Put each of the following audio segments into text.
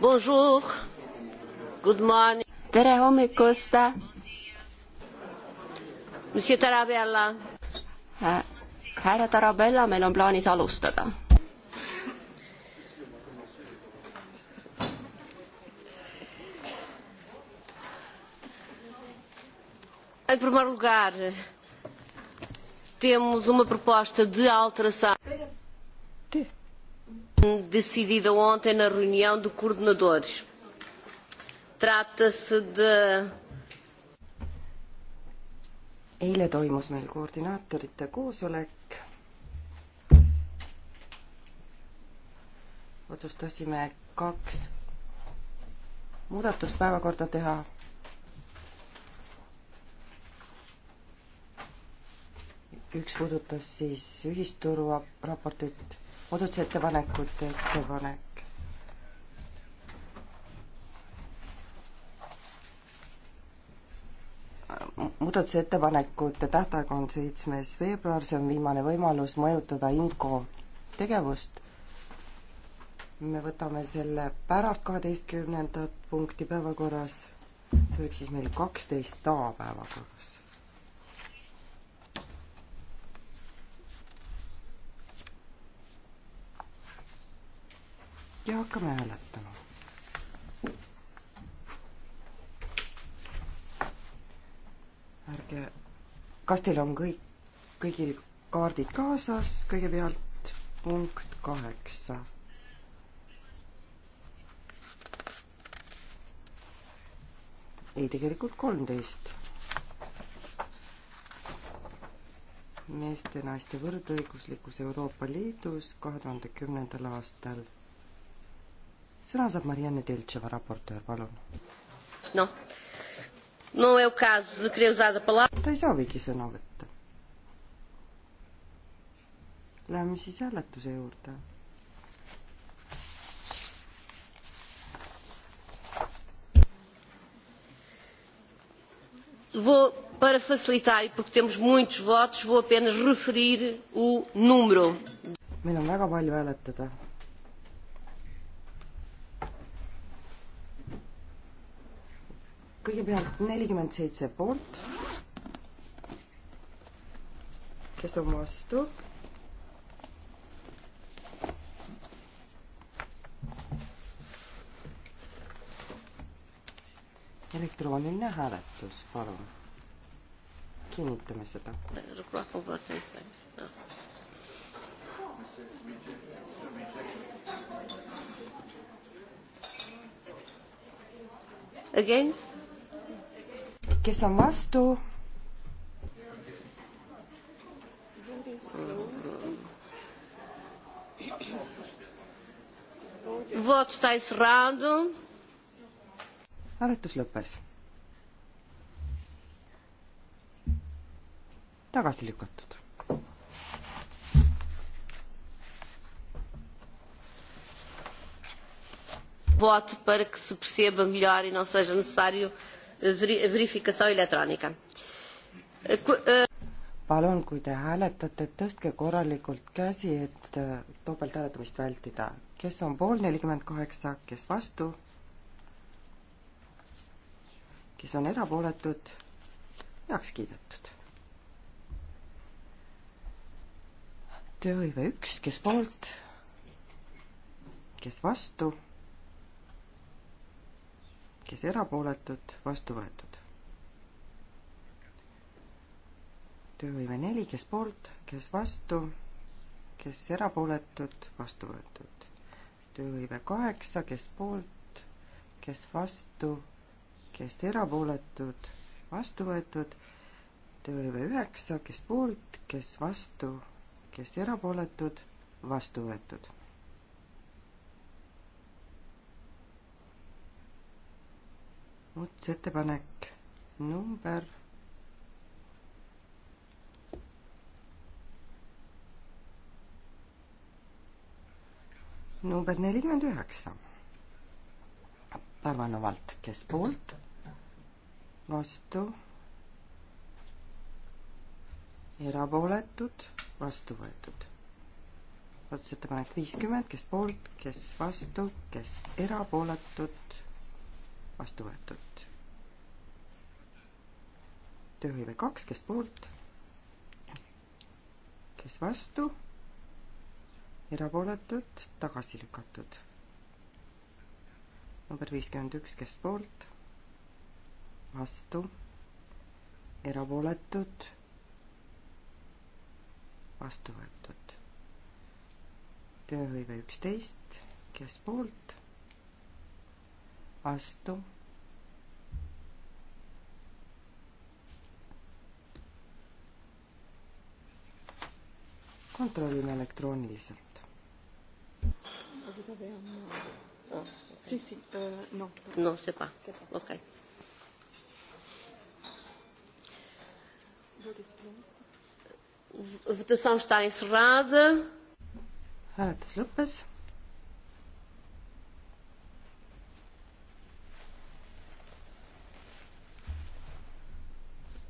Bonjour. Good morning. tere hommikust. Monsieur Tarabella. härra Tarabella, meil on plaanis alustada. Em primeiro lugar, temos uma proposta de alteração decidida ontem na reunião de coordenadores. Trata-se de eile toimus meil koordinaatorite koosolek. otsustasime kaks muudatust päevakorda teha. üks puudutas siis ühisturu raportit muudatusettepanekute ettepanek. muudatusettepanekute tähtaeg on seitsmes veebruar, see on viimane võimalus mõjutada IMCO tegevust. me võtame selle pärast kaheteistkümnendat punkti päevakorras, see oleks siis meil kaksteist A päevakorras. ja hakkame hääletama. ärge, kas teil on kõik, kõigil kaardid kaasas, kõigepealt punkt kaheksa. ei, tegelikult kolmteist meeste-naiste võrdõiguslikkus Euroopa Liidus kahe tuhande kümnendal aastal sõna saab Marianne Teltševa, raportöör, palun. noh, no eu caso de querer usar a palavra. ta ei soovigi sõna võtta. Läheme siis hääletuse juurde Vou, para facilitar e porque temos muitos votos, vou apenas referir o número. Meil on väga palju hääletada. kõigepealt nelikümmend seitse poolt, kes on vastu. elektrooniline hääletus, palun. kinnitame seda. Against? kes on vastu? hääletus lõppes. tagasi lükatud. vote para que se perceba melhor e não seja necessário verificação eletrônica. Äh, palun, kui te hääletate, tõstke korralikult käsi, et äh, topelthääletamist vältida. kes on pool nelikümmend kaheksa, kes vastu? kes on erapooletud? heaks kiidetud. tööhõive üks, kes poolt? kes vastu? kes erapooletud, vastu võetud. töövõime neli, kes poolt, kes vastu, kes erapooletud, vastu võetud. töövõime kaheksa, kes poolt, kes vastu, kes erapooletud, vastu võetud. töövõime üheksa, kes poolt, kes vastu, kes erapooletud, vastu võetud muudatusettepanek number number nelikümmend üheksa Parvanovalt, kes poolt, vastu, erapooletud, vastu võetud. muudatusettepanek viiskümmend, kes poolt, kes vastu, kes erapooletud vastu võetud. tööhõive kaks, kes poolt, kes vastu, erapooletud, tagasi lükatud. number viiskümmend üks, kes poolt, vastu, erapooletud, vastu võetud. tööhõive üksteist, kes poolt vastu. kontrollime elektrooniliselt. Vous avez un... Non. Si, si, euh, non. Non, c'est pas. pas. OK. Votação está encerrada. Hääletus lõppes.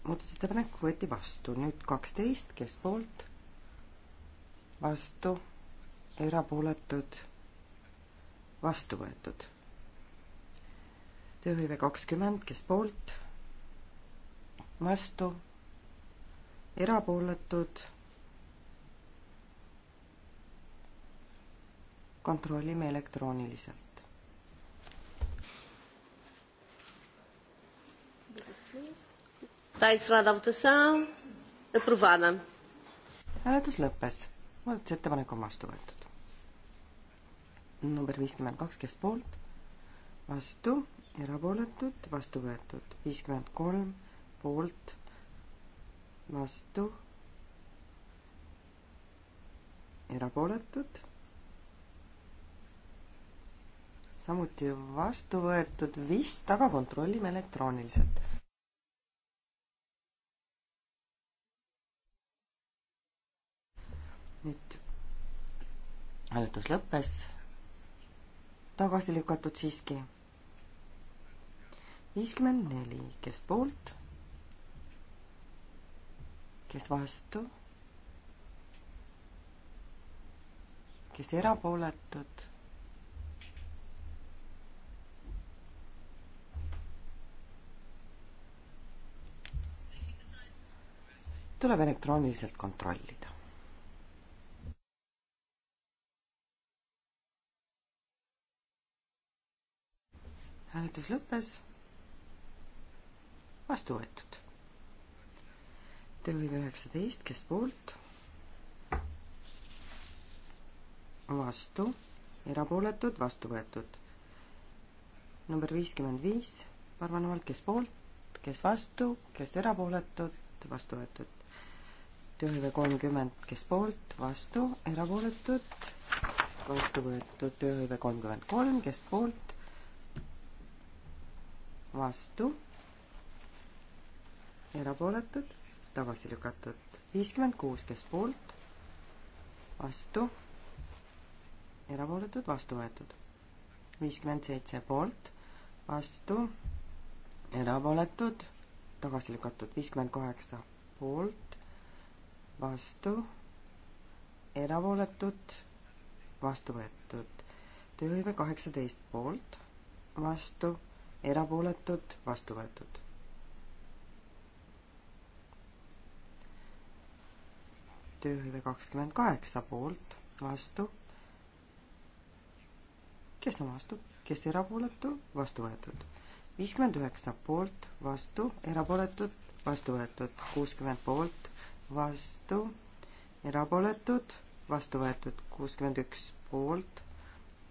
muudatusettepanek võeti vastu, nüüd kaksteist, kes poolt, vastu, erapooletud, vastu võetud. tööhõive kakskümmend, kes poolt, vastu, erapooletud, kontrollime elektrooniliselt. Está encerrada a votação. Aprovada. hääletus lõppes. muudatusettepanek on vastu võetud. number viiskümmend kaks, kes poolt? vastu, erapooletud, vastu võetud. viiskümmend kolm poolt, vastu, erapooletud samuti vastu võetud vist, aga kontrollime elektrooniliselt. nüüd hääletus lõppes, tagasi lükatud siiski. viiskümmend neli, kes poolt, kes vastu, kes erapooletud tuleb elektrooniliselt kontrollida. hääletus lõppes. vastu võetud. tööhõive üheksateist, kes poolt? vastu, erapooletud, vastu võetud. number viiskümmend viis, Parvanovalt, kes poolt, kes vastu, kes erapooletud, vastu võetud. tööhõive kolmkümmend, kes poolt, vastu, erapooletud, vastu võetud. tööhõive kolmkümmend kolm, kes poolt, vastu, erapooletud, tagasi lükatud. viiskümmend kuus, kes poolt, vastu, erapooletud, vastu võetud. viiskümmend seitse poolt, vastu, erapooletud, tagasi lükatud. viiskümmend kaheksa poolt, vastu, erapooletud, vastu võetud. tööhõive kaheksateist poolt, vastu erapooletud, vastu võetud. tööhõive kakskümmend kaheksa poolt, vastu. kes on vastu, kes erapooletu, vastu võetud. viiskümmend üheksa poolt, vastu, erapooletud, vastu võetud. kuuskümmend poolt, vastu, erapooletud, vastu võetud. kuuskümmend üks poolt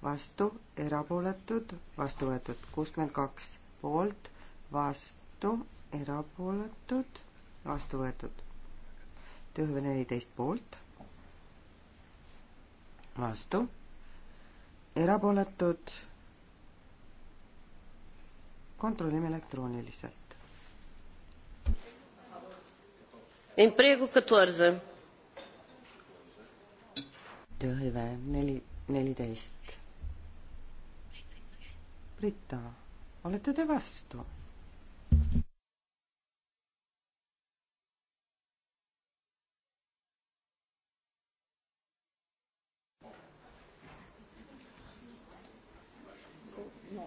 vastu, erapooletud, vastu võetud kuuskümmend kaks poolt, vastu, erapooletud, vastu võetud ühe neliteist poolt, vastu, erapooletud, kontrollime elektrooniliselt. Emprego catorze. tööhõive neli, neliteist Britta, olete te vastu? No,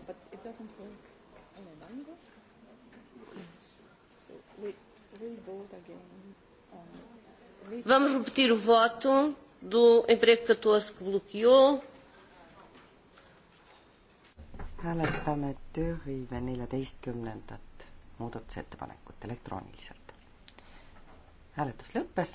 but it doesn't work in an English. So we revote again. On... Vamos repetir o voto do emprego 14 que bloqueou hääletame tööhõive neljateistkümnendat muudatusettepanekut elektrooniliselt. hääletus lõppes.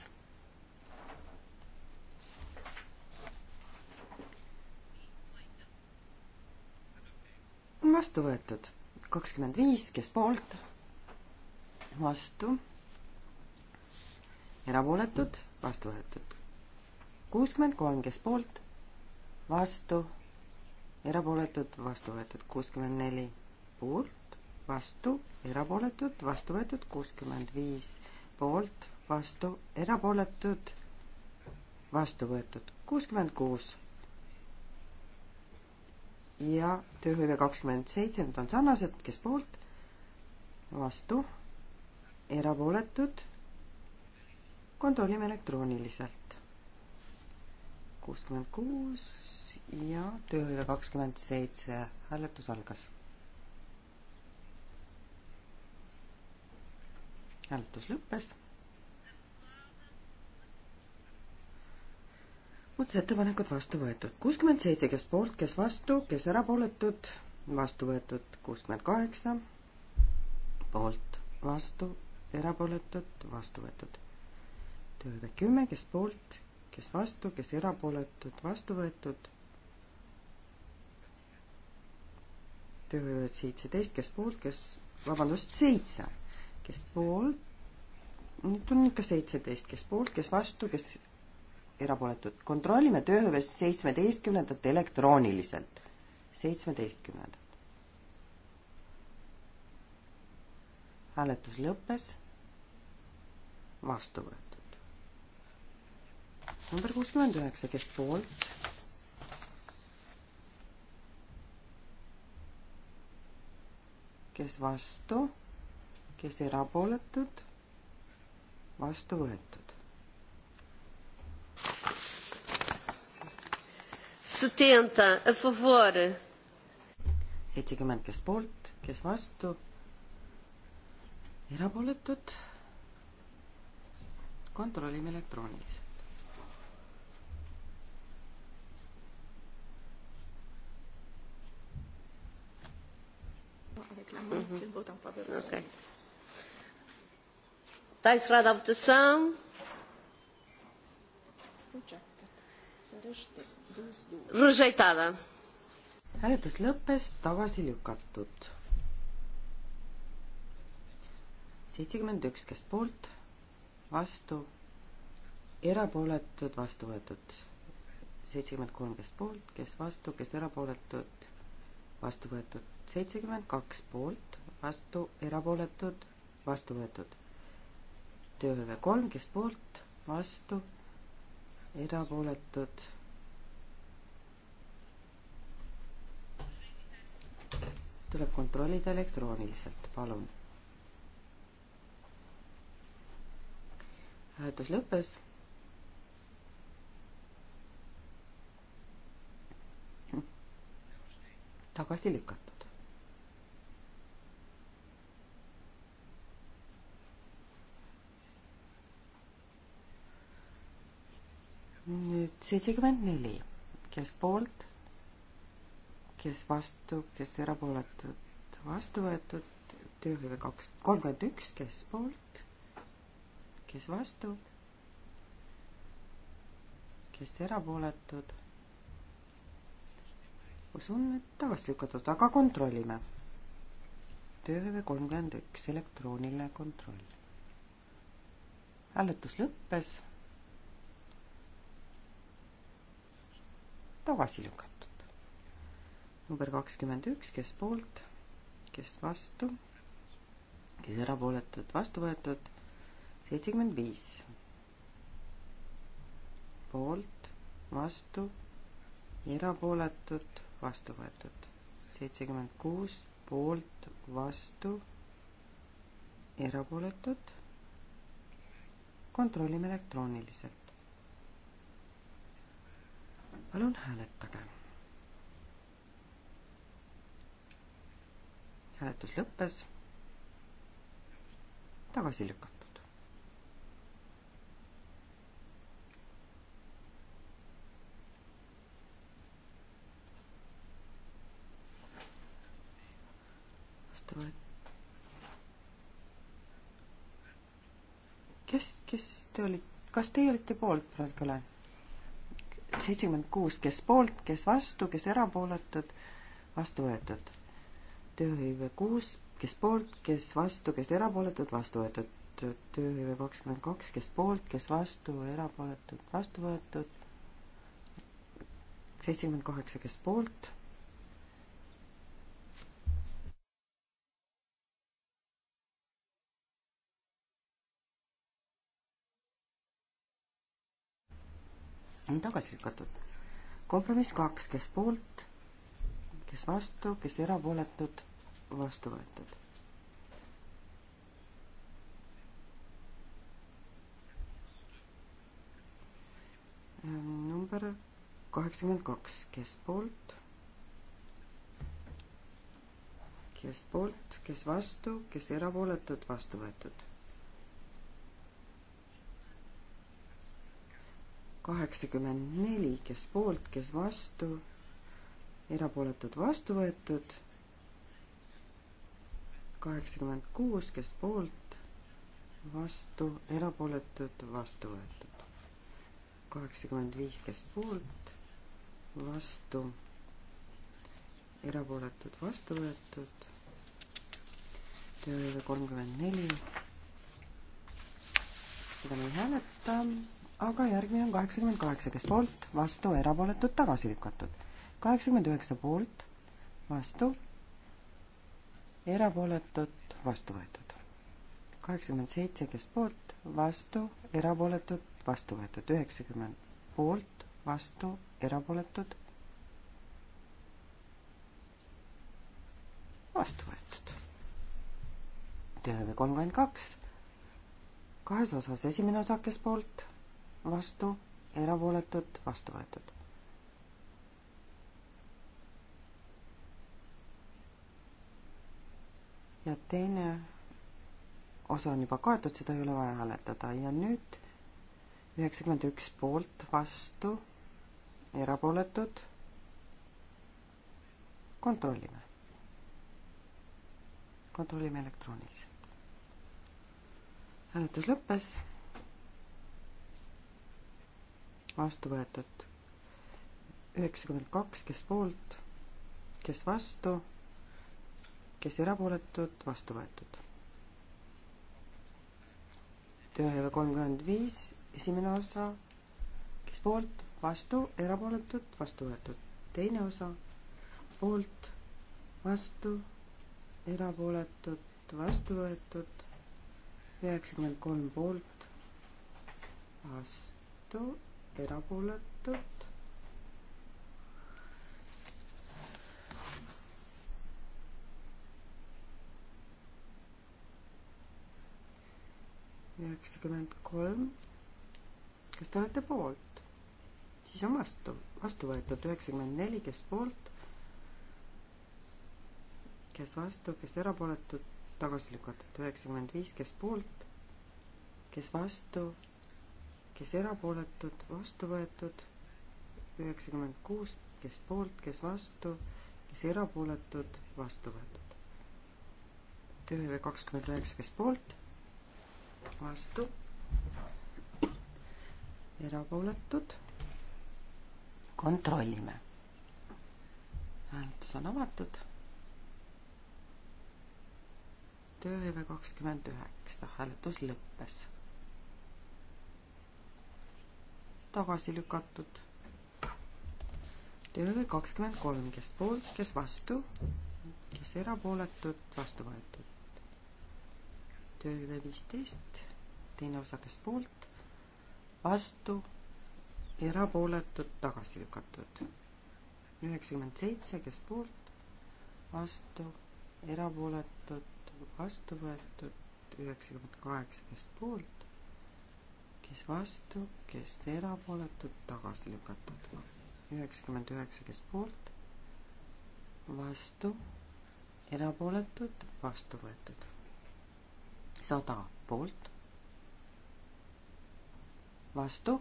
vastu võetud kakskümmend viis, kes poolt, vastu, erapooletud, vastu võetud kuuskümmend kolm, kes poolt, vastu erapooletud, vastu võetud kuuskümmend neli poolt, vastu, erapooletud, vastu võetud kuuskümmend viis poolt, vastu, erapooletud, vastu võetud kuuskümmend kuus. ja tööhõive kakskümmend seitse, need on sarnased, kes poolt, vastu, erapooletud, kontrollime elektrooniliselt. kuuskümmend kuus ja tööhõive kakskümmend seitse, hääletus algas. hääletus lõppes. muudatusettepanekud vastu võetud, kuuskümmend seitse, kes poolt, kes vastu, kes erapooletud, vastu võetud kuuskümmend kaheksa, poolt, vastu, erapooletud, vastu võetud. tööhõive kümme, kes poolt, kes vastu, kes erapooletud, vastu võetud seitseteist, kes poolt, kes, vabandust, seitse, kes poolt, nüüd on ikka seitseteist, kes poolt, kes vastu, kes erapooletud. kontrollime tööhõives seitsmeteistkümnendat elektrooniliselt. seitsmeteistkümnendat. hääletus lõppes. vastu võetud. number kuuskümmend üheksa, kes poolt kes vastu, kes erapooletud, vastu võetud. setenta a favor. seitsekümmend, kes poolt, kes vastu, erapooletud. kontrollime elektrooniliselt. Uhum. Se votar favorável. Ok. Está encerrada a votação. Rejeitada. hääletus lõppes, tagasi lükatud. seitsekümmend üks, kes poolt, vastu, erapooletud, vastu võetud. seitsekümmend kolm, kes poolt, kes vastu, kes erapooletud, vastu võetud seitsekümmend kaks poolt, vastu, erapooletud, vastu võetud. tööhõive kolm, kes poolt, vastu, erapooletud. tuleb kontrollida elektrooniliselt, palun. hääletus lõppes tagasi lükata. nüüd seitsekümmend neli, kes poolt, kes vastu, kes erapooletud, vastu võetud, tööhõive kaks, kolmkümmend üks, kes poolt, kes vastu, kes erapooletud. usun, et tagasi lükatud, aga kontrollime. tööhõive kolmkümmend üks, elektrooniline kontroll. hääletus lõppes tagasi lükatud. number kakskümmend üks, kes poolt, kes vastu, kes erapooletud, vastu võetud, seitsekümmend viis. poolt, vastu, erapooletud, vastu võetud, seitsekümmend kuus, poolt, vastu, erapooletud. kontrollime elektrooniliselt palun hääletage. hääletus lõppes. tagasi lükatud. vastu võetud. kes, kes te olite, kas teie olite poolt praegu üle? seitsekümmend kuus, kes poolt, kes vastu, kes erapooletud, vastu võetud. tööhõive kuus, kes poolt, kes vastu, kes erapooletud, vastu võetud. tööhõive kakskümmend kaks, kes poolt, kes vastu, erapooletud, vastu võetud. seitsekümmend kaheksa, kes poolt, on tagasi lükatud. kompromiss kaks, kes poolt, kes vastu, kes erapooletud, vastu võetud. number kaheksakümmend kaks, kes poolt, kes poolt, kes vastu, kes erapooletud, vastu võetud kaheksakümmend neli, kes poolt, kes vastu, erapooletud vastu võetud, kaheksakümmend kuus, kes poolt, vastu, erapooletud, vastu võetud, kaheksakümmend viis, kes poolt, vastu, erapooletud, vastu võetud, tööle kolmkümmend neli, seda me ei hääleta aga järgmine on kaheksakümmend kaheksa, kes poolt, vastu, erapooletud, tagasi lükatud. kaheksakümmend üheksa poolt, vastu, erapooletud, vastu võetud. kaheksakümmend seitse, kes poolt, vastu, erapooletud, vastu võetud. üheksakümmend poolt, vastu, erapooletud, vastu võetud. TV kolmkümmend kaks, kahes osas esimene osa, kes poolt vastu, erapooletud, vastu võetud. ja teine osa on juba kaetud, seda ei ole vaja hääletada ja nüüd üheksakümmend üks poolt, vastu, erapooletud. kontrollime. kontrollime elektrooniliselt hääletus lõppes vastu võetud. üheksakümmend kaks, kes poolt, kes vastu, kes erapooletud, vastu võetud. tööhõive kolmkümmend viis, esimene osa, kes poolt, vastu, erapooletud, vastu võetud. teine osa, poolt, vastu, erapooletud, vastu võetud, üheksakümmend kolm poolt, vastu erapooletud. üheksakümmend kolm. kas te olete poolt? siis on vastu, vastu võetud üheksakümmend neli, kes poolt, kes vastu, kes erapooletud, tagasi lükatud üheksakümmend viis, kes poolt, kes vastu kes erapooletud, vastu võetud üheksakümmend kuus, kes poolt, kes vastu, kes erapooletud, vastu võetud. tööle kakskümmend üheksa, kes poolt, vastu, erapooletud. kontrollime. hääletus on avatud. tööle kakskümmend üheksa, hääletus lõppes tagasi lükatud. tööl kakskümmend kolm, kes poolt, kes vastu, kes erapooletud, vastu võetud. tööl viisteist, teine osa, kes poolt, vastu, erapooletud, tagasi lükatud. üheksakümmend seitse, kes poolt, vastu, erapooletud, vastu võetud, üheksakümmend kaheksa, kes poolt, kes vastu, kes erapooletud, tagasi lükatud. üheksakümmend üheksa, kes poolt, vastu, erapooletud, vastu võetud. sada poolt, vastu,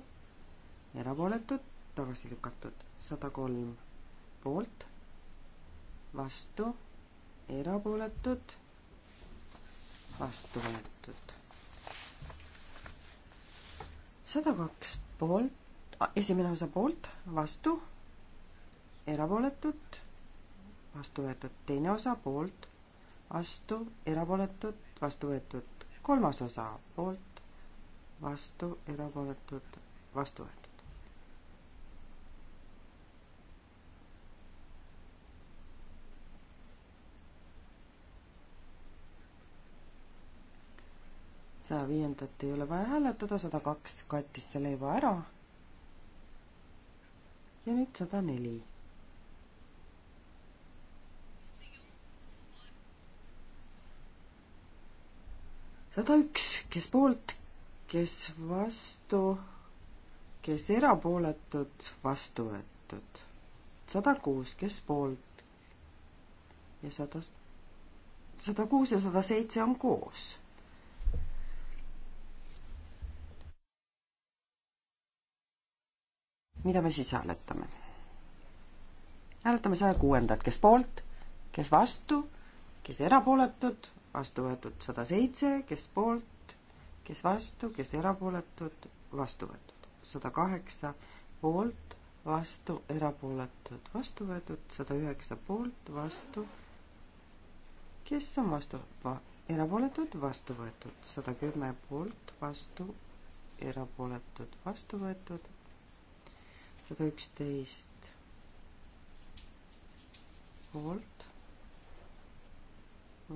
erapooletud, tagasi lükatud. sada kolm poolt, vastu, erapooletud, vastu võetud sada kaks poolt, esimene osa poolt, vastu, erapooletud, vastu võetud, teine osa poolt, vastu, erapooletud, vastu võetud, kolmas osa poolt, vastu, erapooletud, vastu võetud. saja viiendat ei ole vaja hääletada, sada kaks kattis selle juba ära. ja nüüd sada neli. sada üks, kes poolt, kes vastu, kes erapooletud, vastu võetud. sada kuus, kes poolt ja sada, sada kuus ja sada seitse on koos mida me siis hääletame? hääletame saja kuuendat, kes poolt, kes vastu, kes erapooletud, vastu võetud sada seitse, kes poolt, kes vastu, kes erapooletud, vastu võetud sada kaheksa, poolt, vastu, erapooletud, vastu võetud sada üheksa, poolt, vastu, kes on vastu, erapooletud, vastu võetud sada kümme, poolt, vastu, erapooletud, vastu võetud sada üksteist poolt,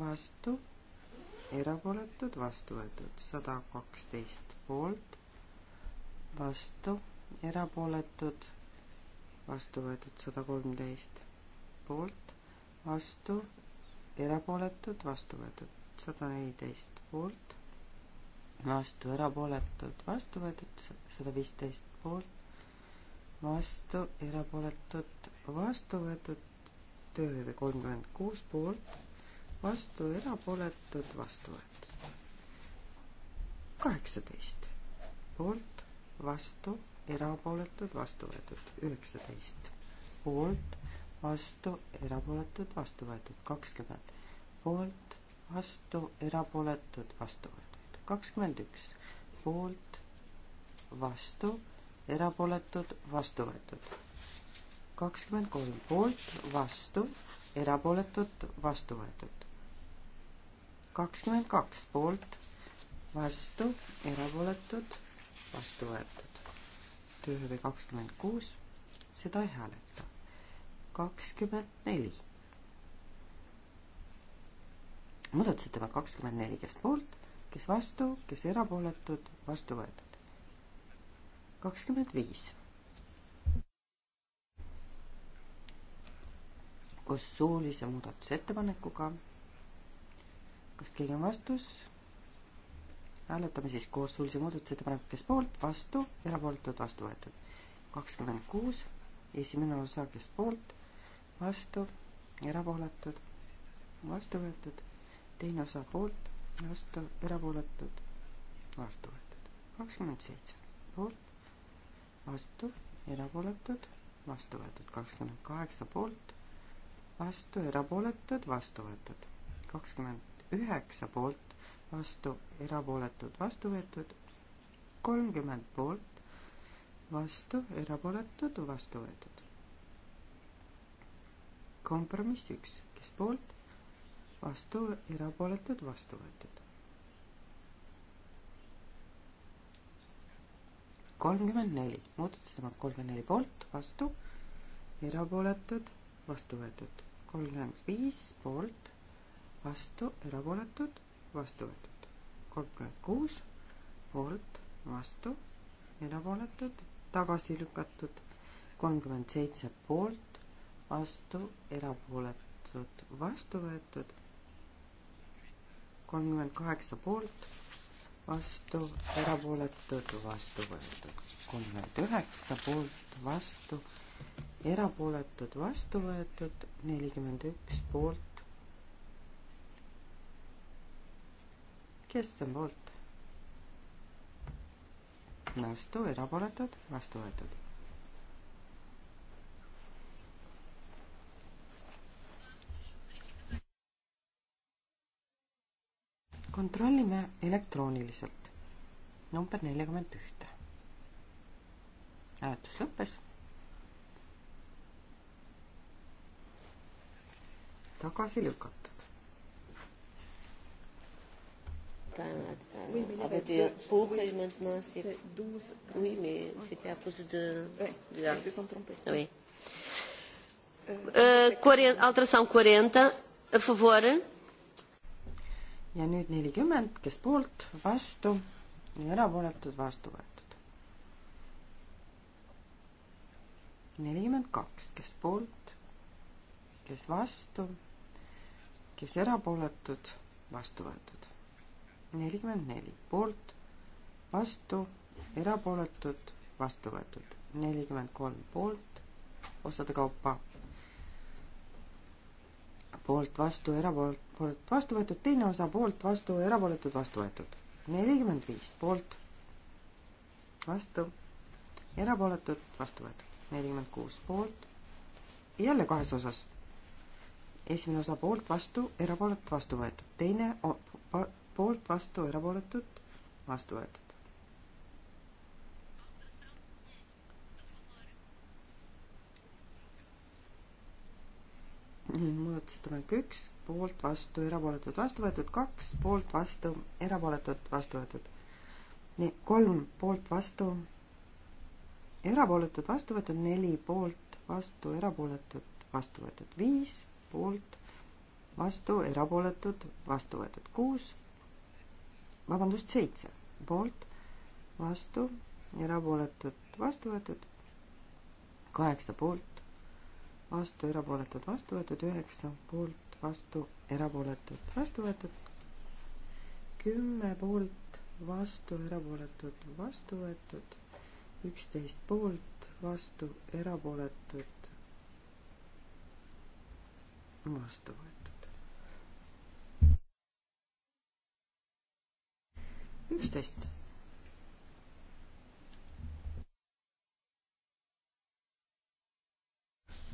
vastu, erapooletud, vastu võetud, sada kaksteist poolt, vastu, erapooletud, vastu võetud, sada kolmteist poolt, vastu, erapooletud, vastu võetud, sada neliteist poolt, vastu, erapooletud, vastu võetud, sada viisteist poolt, vastu, erapooletud, vastu võetud, tööhõive kolmkümmend kuus poolt, vastu, erapooletud, vastu võetud. kaheksateist poolt, vastu, erapooletud, vastu võetud, üheksateist poolt, vastu, erapooletud, vastu võetud, kakskümmend poolt, vastu, erapooletud, vastu võetud, kakskümmend üks poolt, vastu erapooletud, vastu võetud. kakskümmend kolm poolt, vastu, erapooletud, vastu võetud. kakskümmend kaks poolt, vastu, erapooletud, vastu võetud. töö või kakskümmend kuus, seda ei hääleta. kakskümmend neli muudatusettepanek kakskümmend neli, kes poolt, kes vastu, kes erapooletud, vastu võetud kakskümmend viis. koos suulise muudatusettepanekuga. kas keegi on vastus? hääletame siis koos suulise muudatusettepaneku, kes poolt, vastu, erapooletud, vastu võetud. kakskümmend kuus, esimene osa, kes poolt, vastu, erapooletud, vastu võetud, teine osa poolt, vastu, erapooletud, vastu võetud. kakskümmend seitse, poolt, vastu, erapooletud, vastu võetud kakskümmend kaheksa poolt, vastu, erapooletud, vastu võetud kakskümmend üheksa poolt, vastu, erapooletud, vastu võetud kolmkümmend poolt, vastu, erapooletud, vastu võetud. kompromiss üks, kes poolt, vastu, erapooletud, vastu võetud kolmkümmend neli, muudatusettepanek kolmkümmend neli poolt, vastu, erapooletud, vastu võetud. kolmkümmend viis poolt, vastu, erapooletud, vastu võetud. kolmkümmend kuus poolt, vastu, erapooletud, tagasi lükatud. kolmkümmend seitse poolt, vastu, erapooletud, vastu võetud. kolmkümmend kaheksa poolt vastu, erapooletud, vastu võetud. kolmkümmend üheksa poolt, vastu, erapooletud, vastu võetud, nelikümmend üks poolt. kes on poolt? vastu, erapooletud, vastu võetud kontrollime elektrooniliselt number neljakümmend ühte. hääletus lõppes. tagasi lükatud. Oui, mais avec des pauvres oui, maintenant, c'est 12. Oui, mais c'était à cause de. Oui, de eh, la... Ils se sont trompés. Oui. Euh, euh, alteração 40, a favor ja nüüd nelikümmend, kes poolt, vastu ja erapooletud, vastu võetud. nelikümmend kaks, kes poolt, kes vastu, kes erapooletud, vastu võetud. nelikümmend neli, poolt, vastu, erapooletud, vastu võetud. nelikümmend kolm poolt, osade kaupa poolt, vastu, erapoolt, vastu võetud, teine osa poolt, vastu, erapooletud, vastu võetud. nelikümmend viis poolt, vastu, erapooletud, vastu võetud. nelikümmend kuus poolt, jälle kahes osas. esimene osa poolt, vastu, erapooletud, vastu võetud. teine poolt, vastu, erapooletud, vastu võetud. Mhm, muudatusettepanek üks, poolt, vastu, erapooletud, vastu võetud, kaks, poolt, vastu, erapooletud, vastu võetud. nii, kolm, poolt, vastu, erapooletud, vastu võetud, neli, poolt, vastu, erapooletud, vastu võetud, viis, poolt, vastu, erapooletud, vastu võetud, kuus, vabandust, seitse, poolt, vastu, erapooletud, vastu võetud, kaheksa poolt, vastu, erapooletud, vastu võetud, üheksa poolt, vastu, erapooletud, vastu võetud, kümme poolt, vastu, erapooletud, vastu võetud, üksteist poolt, vastu, erapooletud, vastu võetud. üksteist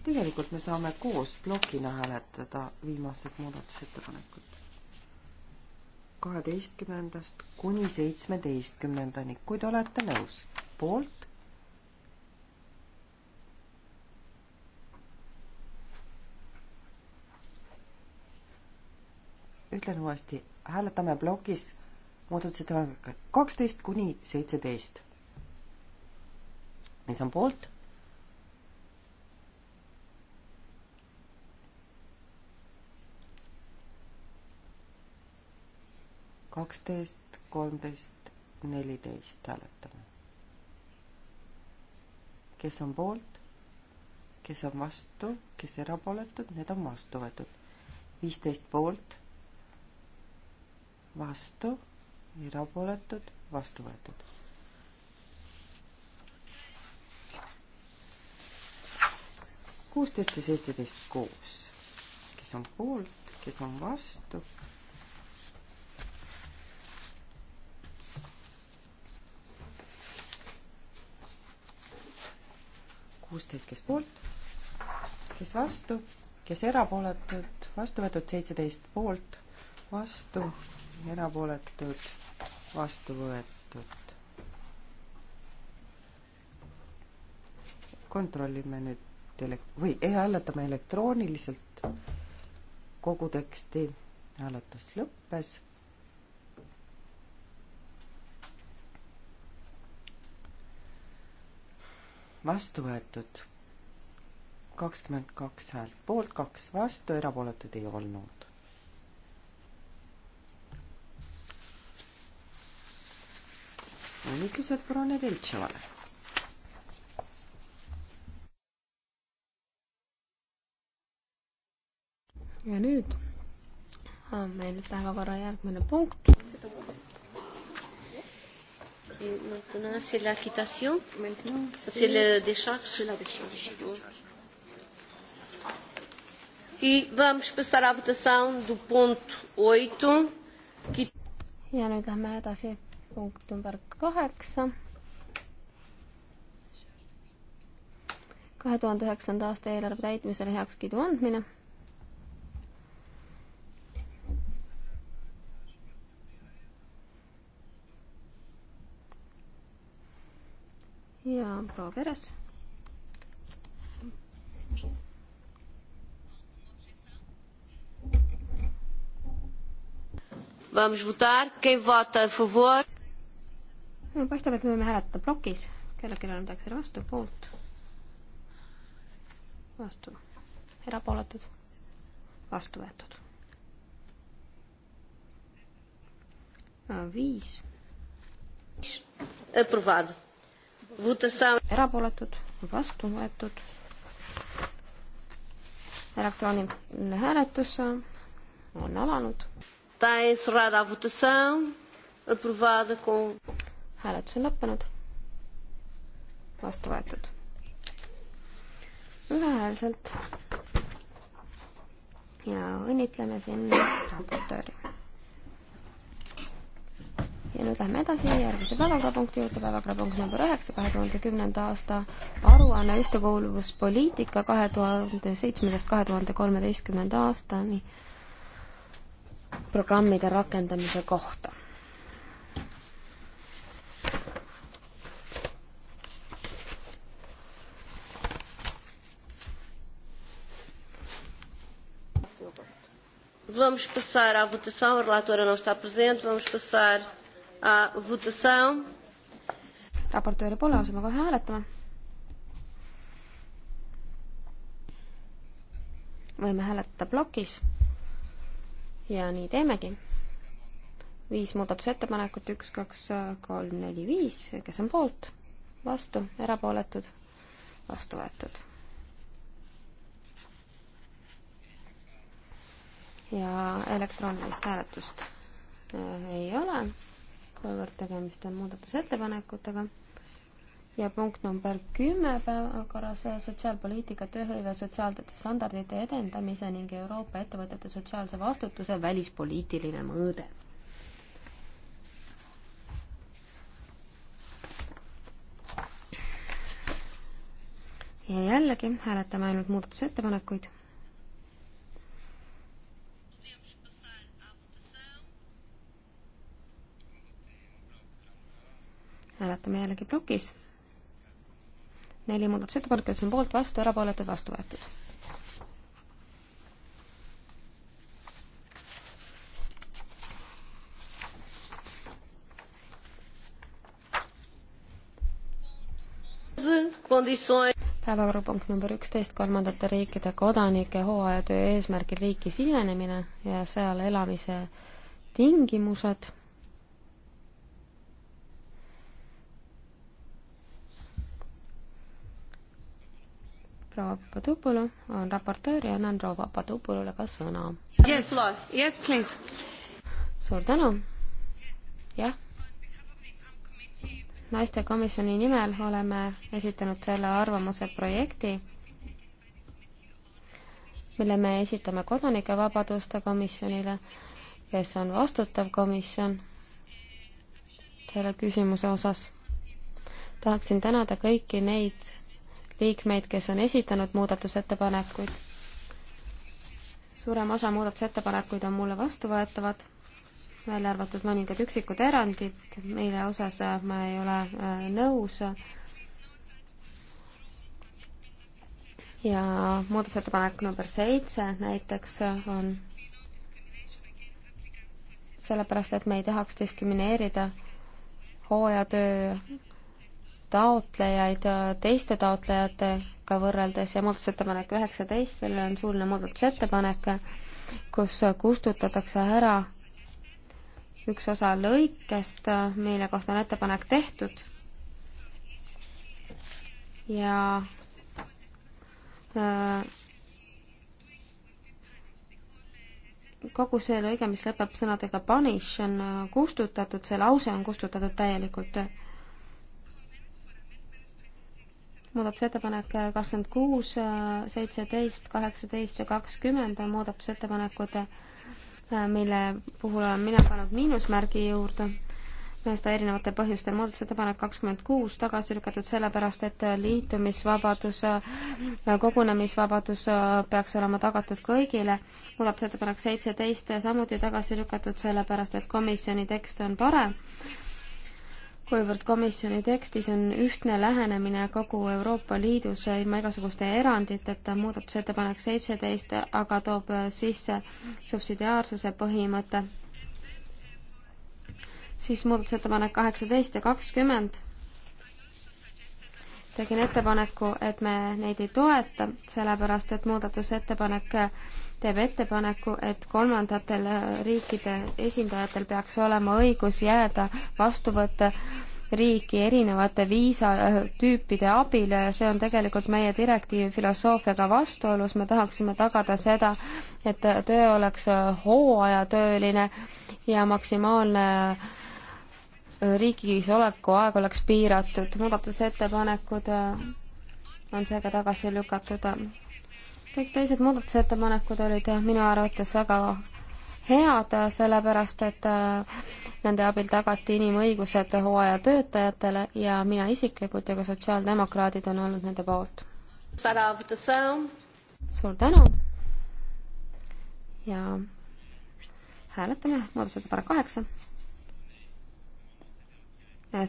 tegelikult me saame koos plokina hääletada viimased muudatusettepanekud. kaheteistkümnendast kuni seitsmeteistkümnendani, kui te olete nõus. poolt? ütlen uuesti, hääletame plokis muudatusettepanekuga kaksteist kuni seitseteist. mis on poolt? kaksteist, kolmteist, neliteist hääletame. kes on poolt, kes on vastu, kes erapooletud, need on vastu võetud. viisteist poolt, vastu, erapooletud, vastu võetud. kuusteist ja seitseteist koos, kes on poolt, kes on vastu kuusteist, kes poolt, kes vastu, kes erapooletud, vastu võetud seitseteist poolt, vastu, erapooletud, vastu võetud. kontrollime nüüd ele-, või hääletame elektrooniliselt kogu teksti. hääletus lõppes vastu võetud kakskümmend kaks häält poolt, kaks vastu, erapooletuid ei olnud. õnnitlused Brune Viltšovale. ja nüüd on meil päevakorra järgmine punkt qui maintenant c'est l'acquittation. Maintenant c'est la décharge. C'est la décharge. E vamos passar à votação do ponto 8. Que... Ja nüüd lähme edasi punkt number kaheksa. kahe tuhande üheksanda aasta eelarve täitmisele heakskiidu andmine proua Peres. paistab, et me võime hääletada plokis, kellelgi on midagi selle vastu, poolt, vastu, erapooletud, vastu võetud. viis. aprovado erapooletud, vastu võetud. elektrooniline hääletus on alanud. hääletus on lõppenud. vastu võetud. ühehäälselt. ja õnnitleme siin raportööri ja nüüd lähme edasi järgmise päevakorrapunkti juurde, päevakorrapunkt number üheksa, kahe tuhande kümnenda aasta aruanne ühtekuuluvuspoliitika kahe tuhande seitsmendast kahe tuhande kolmeteistkümnenda aastani programmide rakendamise kohta. Vamos passar à votação, a relatora não está presente, vamos passar votação. raportööri pole, asume kohe hääletama. võime hääletada plokis ja nii teemegi. viis muudatusettepanekut, üks, kaks, kolm, neli, viis, kes on poolt, vastu, erapooletud, vastu võetud. ja elektroonilist hääletust äh, ei ole kuivõrd tegemist on muudatusettepanekutega. ja punkt number kümme päevakorras sotsiaalpoliitika, tööhõive, sotsiaalsete standardite edendamise ning Euroopa ettevõtete sotsiaalse vastutuse välispoliitiline mõõde ja jällegi hääletame ainult muudatusettepanekuid hääletame jällegi plokis. neli muudatusettepanekut, kes on poolt, vastu, erapooletud, vastu võetud. päevakorrapunkt number üksteist, kolmandate riikide kodanike hooajatöö eesmärgil riiki sisenemine ja seal elamise tingimused proua Papadopolu on raportöör ja annan proua Papadopolule ka sõna. Yes, Lord. Yes, please. suur tänu. jah. naistekomisjoni nimel oleme esitanud selle arvamuse projekti, mille me esitame Kodanikevabaduste komisjonile, kes on vastutav komisjon selle küsimuse osas. tahaksin tänada kõiki neid liikmeid, kes on esitanud muudatusettepanekuid. suurem osa muudatusettepanekuid on mulle vastuvõetavad, välja arvatud mõningad üksikud erandid, mille osas äh, ma ei ole äh, nõus. ja muudatusettepanek number seitse näiteks äh, on sellepärast, et me ei tahaks diskrimineerida hooajatöö taotlejaid äh, teiste taotlejatega võrreldes ja muudatusettepanek üheksateist, sellele on suuline muudatusettepanek, kus äh, kustutatakse ära üks osa lõikest, äh, mille kohta on ettepanek tehtud ja äh, kogu see lõige, mis lõpeb sõnadega punish, on kustutatud, see lause on kustutatud täielikult muudatusettepanek kakskümmend kuus, seitseteist, kaheksateist ja kakskümmend on muudatusettepanekud, mille puhul olen mina pannud miinusmärgi juurde, seda erinevatel põhjustel. muudatusettepanek kakskümmend kuus tagasi lükatud sellepärast, et liitumisvabadus, kogunemisvabadus peaks olema tagatud kõigile. muudatusettepanek seitseteist samuti tagasi lükatud sellepärast, et komisjoni tekst on parem kuivõrd komisjoni tekstis on ühtne lähenemine kogu Euroopa Liidus ilma igasuguste eranditeta, muudatusettepanek seitseteist aga toob sisse subsidiaarsuse põhimõte. siis muudatusettepanek kaheksateist ja kakskümmend. tegin ettepaneku, et me neid ei toeta, sellepärast et muudatusettepanek teeb ettepaneku, et kolmandatel riikide esindajatel peaks olema õigus jääda vastuvõtte riiki erinevate viisatüüpide abile ja see on tegelikult meie direktiivi filosoofiaga vastuolus, me tahaksime tagada seda, et töö oleks hooajatööline ja maksimaalne riigis oleku aeg oleks piiratud. muudatusettepanekud on seega tagasi lükatud kõik teised muudatusettepanekud olid eh, minu arvates väga head, eh, sellepärast et eh, nende abil tagati inimõigused hooajatöötajatele ja mina isiklikult ja ka sotsiaaldemokraadid on olnud nende poolt. suur tänu ja hääletame muudatusettepanek kaheksa.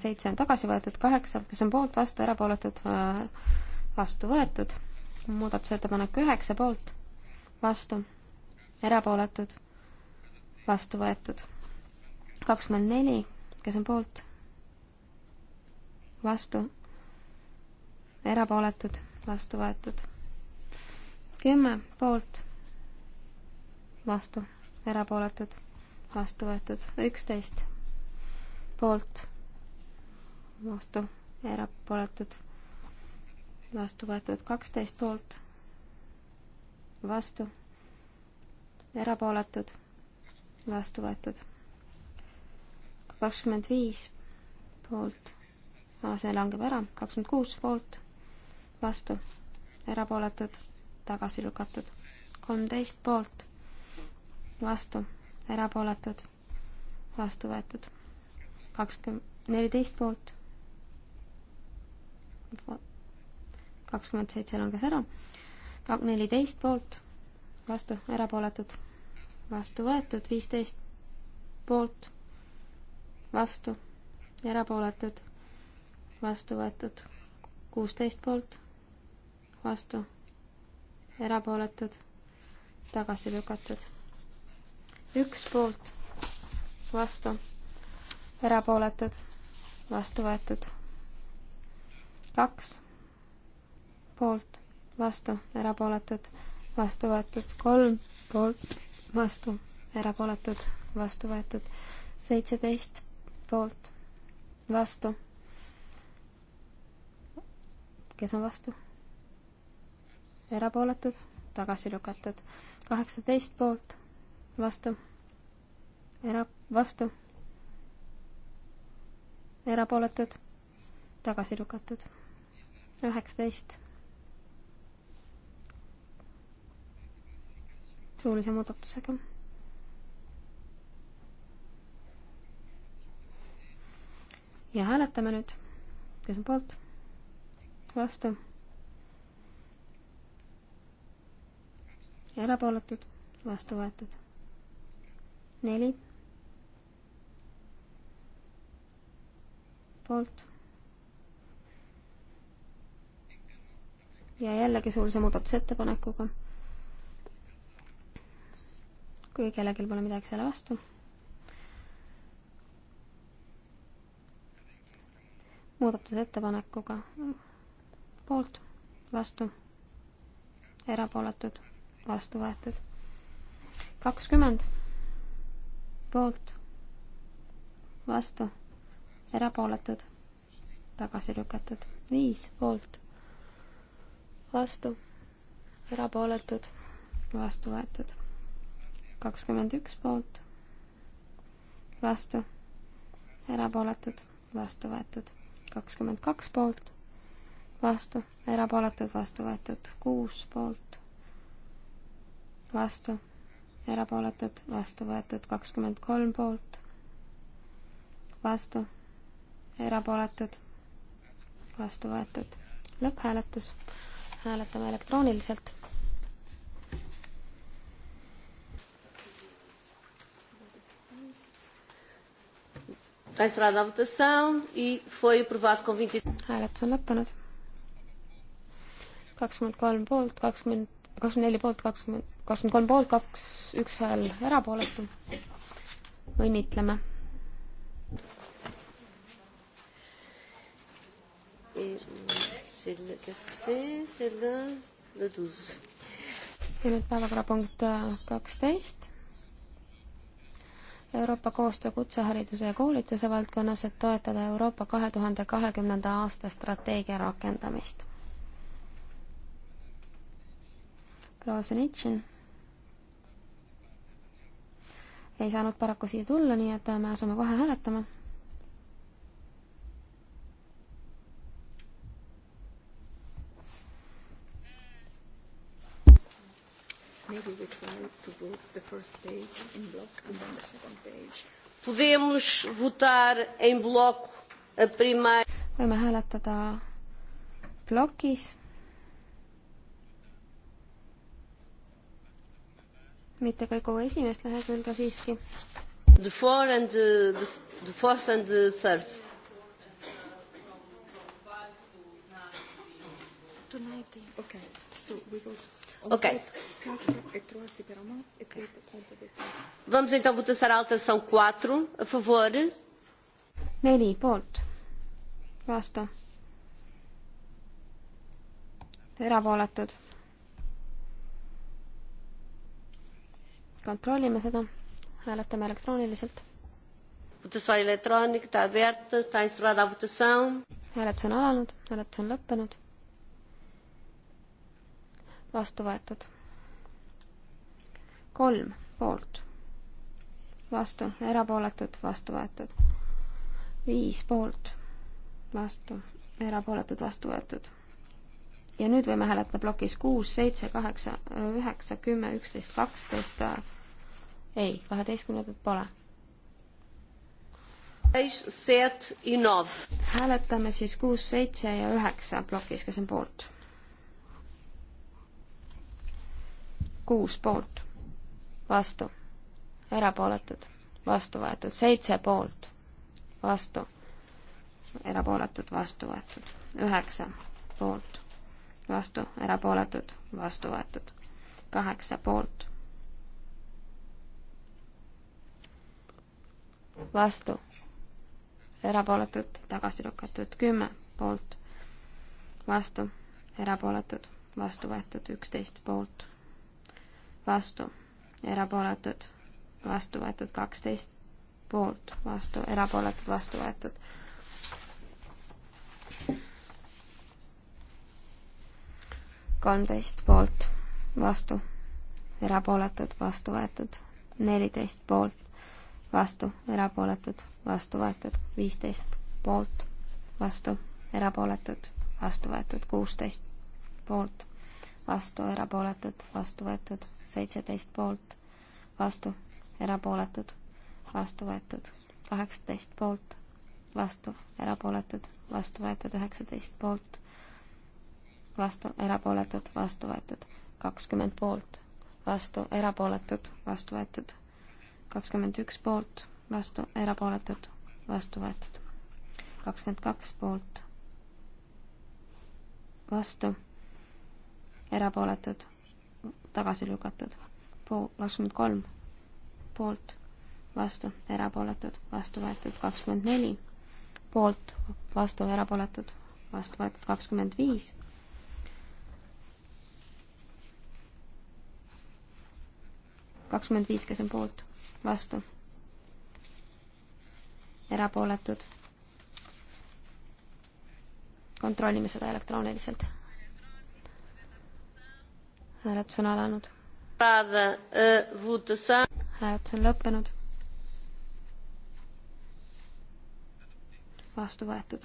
seitse on tagasi võetud, kaheksa, kes on poolt, vastu, erapooletud, vastu võetud muudatusettepanek üheksa poolt, vastu, erapooletud, vastu võetud. kakskümmend neli, kes on poolt, vastu, erapooletud, vastu võetud. kümme poolt, vastu, erapooletud, vastu võetud. üksteist poolt, vastu, erapooletud vastu võetud kaksteist poolt, vastu, erapooletud, vastu võetud kakskümmend viis poolt, see langeb ära, kakskümmend kuus poolt, vastu, erapooletud, tagasi lükatud, kolmteist poolt, vastu, erapooletud, vastu võetud, kakskümmend, neliteist poolt kakskümmend seitse langes ära, neliteist poolt, vastu, erapooletud, vastu võetud, viisteist poolt, vastu, erapooletud, vastu võetud, kuusteist poolt, vastu, erapooletud, tagasi lükatud, üks poolt, vastu, erapooletud, vastu võetud kaks poolt, vastu, erapooletud, vastu võetud, kolm poolt, vastu, erapooletud, vastu võetud, seitseteist poolt, vastu. kes on vastu? erapooletud, tagasi lükatud, kaheksateist poolt, vastu, era-, vastu, erapooletud, tagasi lükatud, üheksateist suulise muudatusega. ja hääletame nüüd, kes on poolt, vastu, erapooletud, vastu võetud, neli, poolt ja jällegi suulise muudatusettepanekuga kui kellelgi pole midagi selle vastu. muudatusettepanekuga poolt, vastu, erapooletud, vastu võetud. kakskümmend poolt, vastu, erapooletud, tagasi lükatud. viis poolt, vastu, erapooletud, vastu võetud kakskümmend üks poolt, vastu, erapooletud, vastu võetud. kakskümmend kaks poolt, vastu, erapooletud, vastu võetud. kuus poolt, vastu, erapooletud, vastu võetud. kakskümmend kolm poolt, vastu, erapooletud, vastu võetud. lõpphääletus, hääletame elektrooniliselt Está encerrada a votação e foi aprovado com 20... Hääletus on lõppenud. 23 poolt, 20, 24 poolt, 20, 23 poolt, 2, 1 hääl erapooletu. Õnnitleme. Et c'est le, qu'est-ce que c'est? C'est le, le 12. Ja nüüd päevakorrapunkt 12 äh, Euroopa koostöö kutsehariduse ja koolituse valdkonnas, et toetada Euroopa kahe tuhande kahekümnenda aasta strateegia rakendamist. proua Zenitšin ei saanud paraku siia tulla, nii et me asume kohe hääletama Maybe we try to vote the first page in block and then the second page. Podemos votar em bloco a primeira. Võime hääletada plokis. mitte kogu esimest lehekülge siiski. The four and the, the, the fourth and the third. To nineteen, okei okay., so we go to Ok. Vamos então votar a alteração 4. A favor. neli poolt. vastu. erapooletud. kontrollime seda. hääletame elektrooniliselt. hääletus on alanud, hääletus on lõppenud vastu võetud. kolm poolt, vastu, erapooletud, vastu võetud. viis poolt, vastu, erapooletud, vastu võetud. ja nüüd võime hääletada plokis kuus, seitse, kaheksa, üheksa, kümme, üksteist, kaksteist, ei, kaheteistkümnendat pole hääletame siis kuus, seitse ja üheksa plokis, kes on poolt? kuus poolt, vastu, erapooletud, vastu võetud, seitse poolt, vastu, erapooletud, vastu võetud, üheksa poolt, vastu, erapooletud, vastu võetud, kaheksa poolt, vastu, erapooletud, tagasi lükatud, kümme poolt, vastu, erapooletud, vastu võetud, üksteist poolt vastu, erapooletud, vastu võetud kaksteist, poolt, vastu, erapooletud, vastu võetud. kolmteist poolt, vastu, erapooletud, vastu võetud, neliteist poolt, vastu, erapooletud, vastu võetud, viisteist poolt, vastu, erapooletud, vastu võetud, kuusteist poolt vastu, erapooletud, vastu võetud, seitseteist poolt, vastu, erapooletud, vastu võetud, kaheksateist poolt, vastu, erapooletud, vastu võetud, üheksateist poolt, vastu, erapooletud, vastu võetud, kakskümmend poolt, vastu, erapooletud, vastu võetud, kakskümmend üks poolt, vastu, erapooletud, vastu võetud, kakskümmend kaks poolt, vastu erapooletud, tagasi lükatud. Po-, kakskümmend kolm poolt, vastu, erapooletud, vastu võetud kakskümmend neli, poolt, vastu, erapooletud, vastu võetud kakskümmend viis, kakskümmend viis, kes on poolt, vastu, erapooletud. kontrollime seda elektrooniliselt hääletus on alanud. E, hääletus on lõppenud. vastu võetud.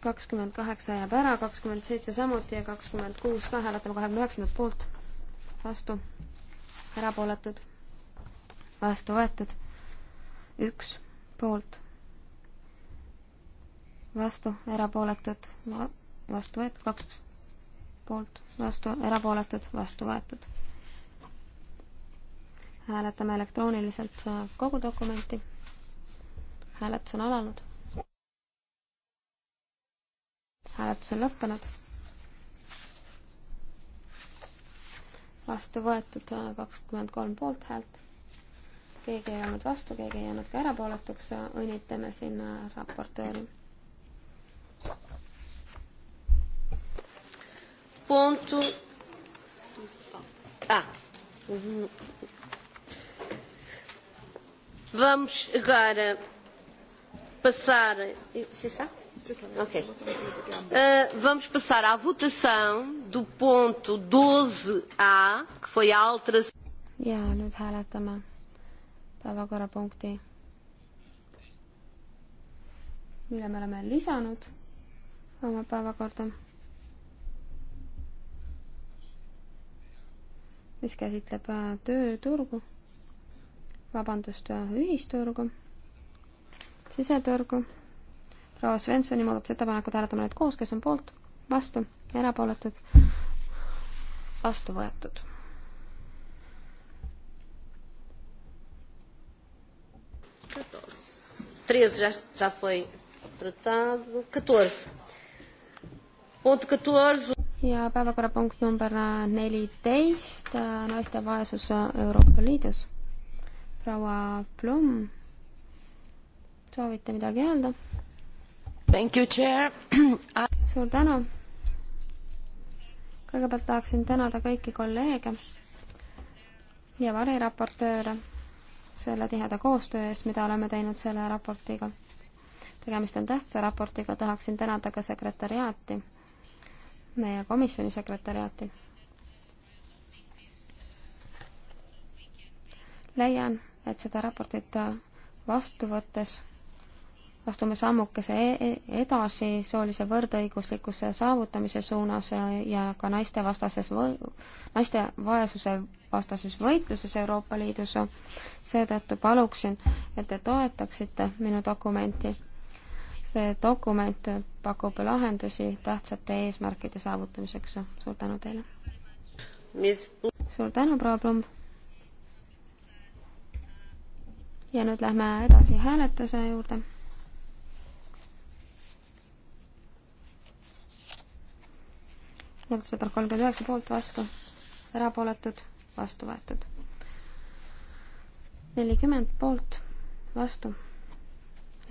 kakskümmend kaheksa jääb ära, kakskümmend seitse samuti ja kakskümmend kuus ka, hääletame kahekümne üheksandat poolt. vastu, erapooletud, vastu võetud, üks poolt vastu, erapooletud, vastu võetud, kaks poolt, vastu, erapooletud, vastu võetud. hääletame elektrooniliselt äh, kogu dokumenti. hääletus on alanud. hääletus on lõppenud. vastu võetud äh, kakskümmend kolm poolthäält. keegi ei olnud vastu, keegi ei jäänud ka erapooletuks. õnnitleme sinna äh, raportööri ponto. Ah. Vamos agora passar. Você sabe? Okay. Uh, vamos passar à votação do ponto 12A, que foi a alteração. Ja nüüd hääletame päevakorrapunkti, mille me oleme lisanud oma päevakorda mis käsitleb äh, tööturgu, vabandust, äh, ühisturgu, siseturgu. proua Svensoni muudatusettepanekud hääletame nüüd koos, kes on poolt, vastu, erapooletud, vastu võetud13 já, já foi tratado. 14. Ponto 14 ja päevakorrapunkt number neliteist, äh, naiste vaesus Euroopa Liidus. proua Blum, soovite midagi öelda? Thank you, chair. suur tänu. kõigepealt tahaksin tänada kõiki kolleege ja variraportööre selle tiheda koostöö eest, mida oleme teinud selle raportiga. tegemist on tähtsa raportiga, tahaksin tänada ka sekretäriaati meie komisjoni sekretäriaati. leian, et seda raportit vastu võttes astume sammukese e-, e-, edasi soolise võrdõiguslikkuse saavutamise suunas ja ka naiste vastases, naiste vaesuse vastases võitluses Euroopa Liidus. seetõttu paluksin, et te toetaksite minu dokumenti see dokument pakub lahendusi tähtsate eesmärkide saavutamiseks. suur tänu teile! suur tänu, proua Plumb! ja nüüd lähme edasi hääletuse juurde. muudatusettepanek kolmkümmend üheksa poolt, vastu, erapooletud, vastu võetud. nelikümmend poolt, vastu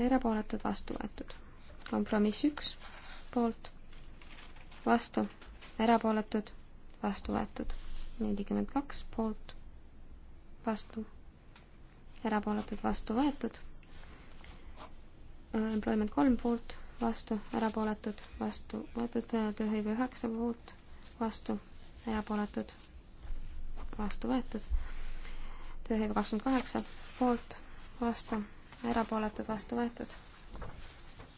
erapooletud, vastu võetud. kompromiss üks, poolt, vastu, erapooletud, vastu võetud. nelikümmend kaks, poolt, vastu, erapooletud, vastu võetud. Employment kolm poolt, vastu, erapooletud, vastu võetud, tööhõive üheksa poolt, vastu, erapooletud, vastu võetud. tööhõive kakskümmend kaheksa poolt, vastu erapooletud, vastu võetud.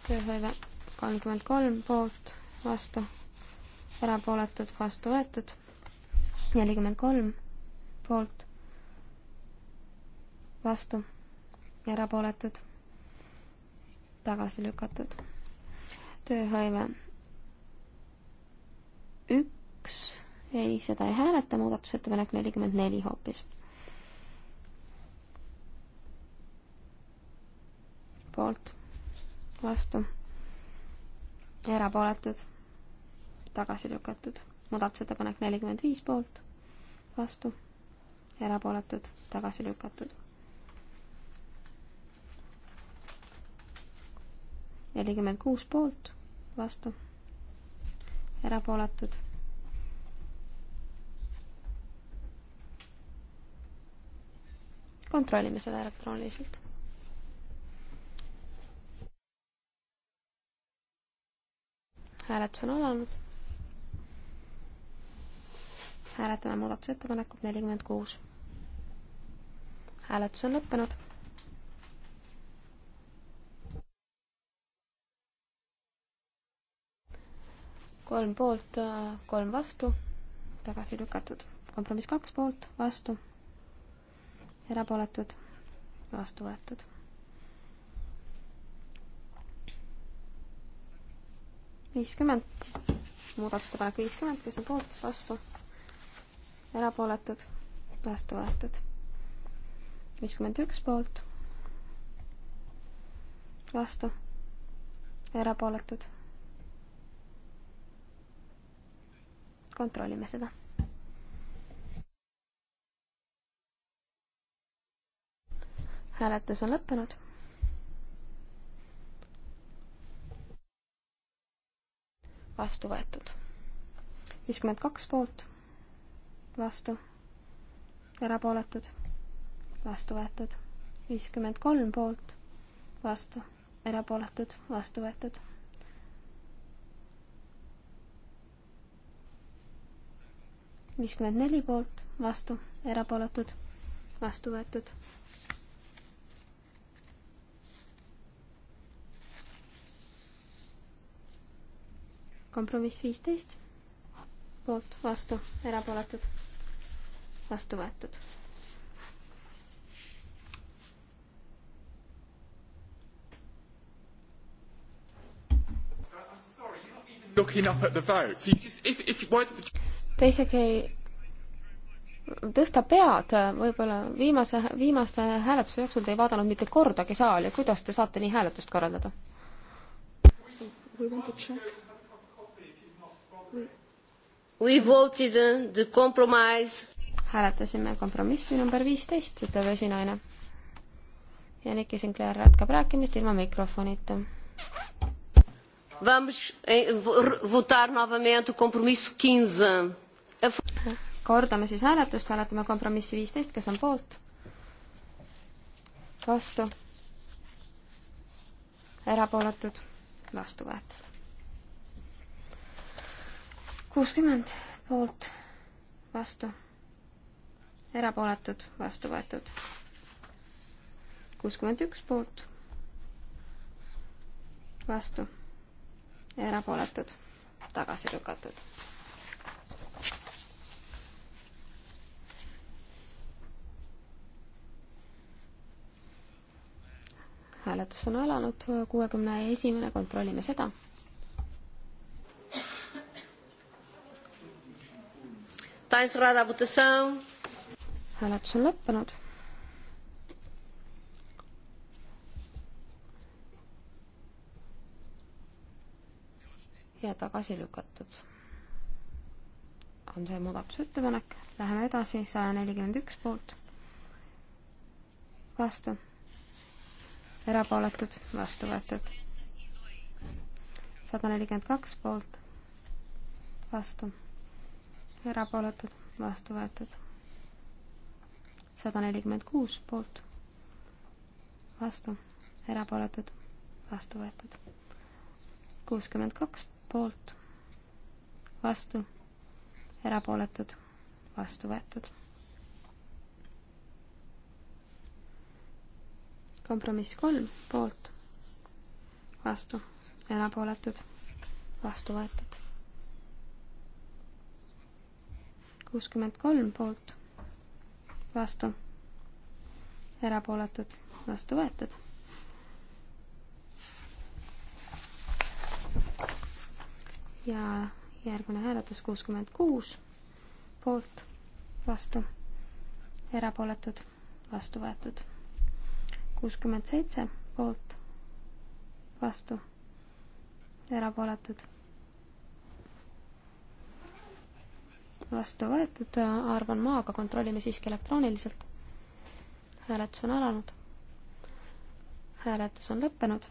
tööhõive kolmkümmend kolm poolt, vastu, erapooletud, vastu võetud. nelikümmend kolm poolt, vastu, erapooletud, tagasi lükatud. tööhõive üks, ei, seda ei hääleta, muudatusettepanek nelikümmend neli hoopis poolt, vastu, erapooletud, tagasi lükatud. muudatusettepanek nelikümmend viis poolt, vastu, erapooletud, tagasi lükatud. nelikümmend kuus poolt, vastu, erapooletud kontrollime seda elektrooniliselt. hääletus on alanud. hääletame muudatusettepanekut nelikümmend kuus. hääletus on lõppenud. kolm poolt, kolm vastu, tagasi lükatud. kompromiss kaks poolt, vastu, erapooletud, vastu võetud viiskümmend, muudatusettepanek viiskümmend, kes on poolt, vastu, erapooletud, vastu võetud. viiskümmend üks poolt, vastu, erapooletud. kontrollime seda hääletus on lõppenud. vastu võetud. viiskümmend kaks poolt, vastu, erapooletud, vastu võetud. viiskümmend kolm poolt, vastu, erapooletud, vastu võetud. viiskümmend neli poolt, vastu, erapooletud, vastu võetud. kompromiss viisteist, poolt, vastu, erapooletud, vastu võetud. Te isegi ei tõsta pead, võib-olla viimase, viimaste hääletuse jooksul te ei vaadanud mitte kordagi saali, kuidas te saate nii hääletust korraldada? We want to check. We voted uh, the compromise. hääletasime kompromissi number viisteist, ütleb esinaine. ja Niki Sinclair jätkab rääkimist ilma mikrofonita. Vamos eh, votar novamente o compromisso quinze. kordame siis hääletust, hääletame kompromissi viisteist, kes on poolt? vastu? erapooletud? vastu võetud kuuskümmend poolt, vastu, erapooletud, vastu võetud. kuuskümmend üks poolt, vastu, erapooletud, tagasi lükatud. hääletus on alanud, kuuekümne esimene, kontrollime seda Está encerrada a votação. Hääletus on lõppenud. ja tagasi lükatud on see muudatusettepanek. Läheme edasi, saja nelikümmend üks poolt. vastu. erapooletud, vastu võetud. sada nelikümmend kaks poolt, vastu erapooletud, vastu võetud. sada nelikümmend kuus poolt, vastu, erapooletud, vastu võetud. kuuskümmend kaks poolt, vastu, erapooletud, vastu võetud. kompromiss kolm poolt, vastu, erapooletud, vastu võetud kuuskümmend kolm poolt, vastu, erapooletud, vastu võetud. ja järgmine hääletus kuuskümmend kuus poolt, vastu, erapooletud, vastu võetud. kuuskümmend seitse poolt, vastu, erapooletud vastu võetud, arvan ma, aga kontrollime siiski elektrooniliselt. hääletus on alanud. hääletus on lõppenud.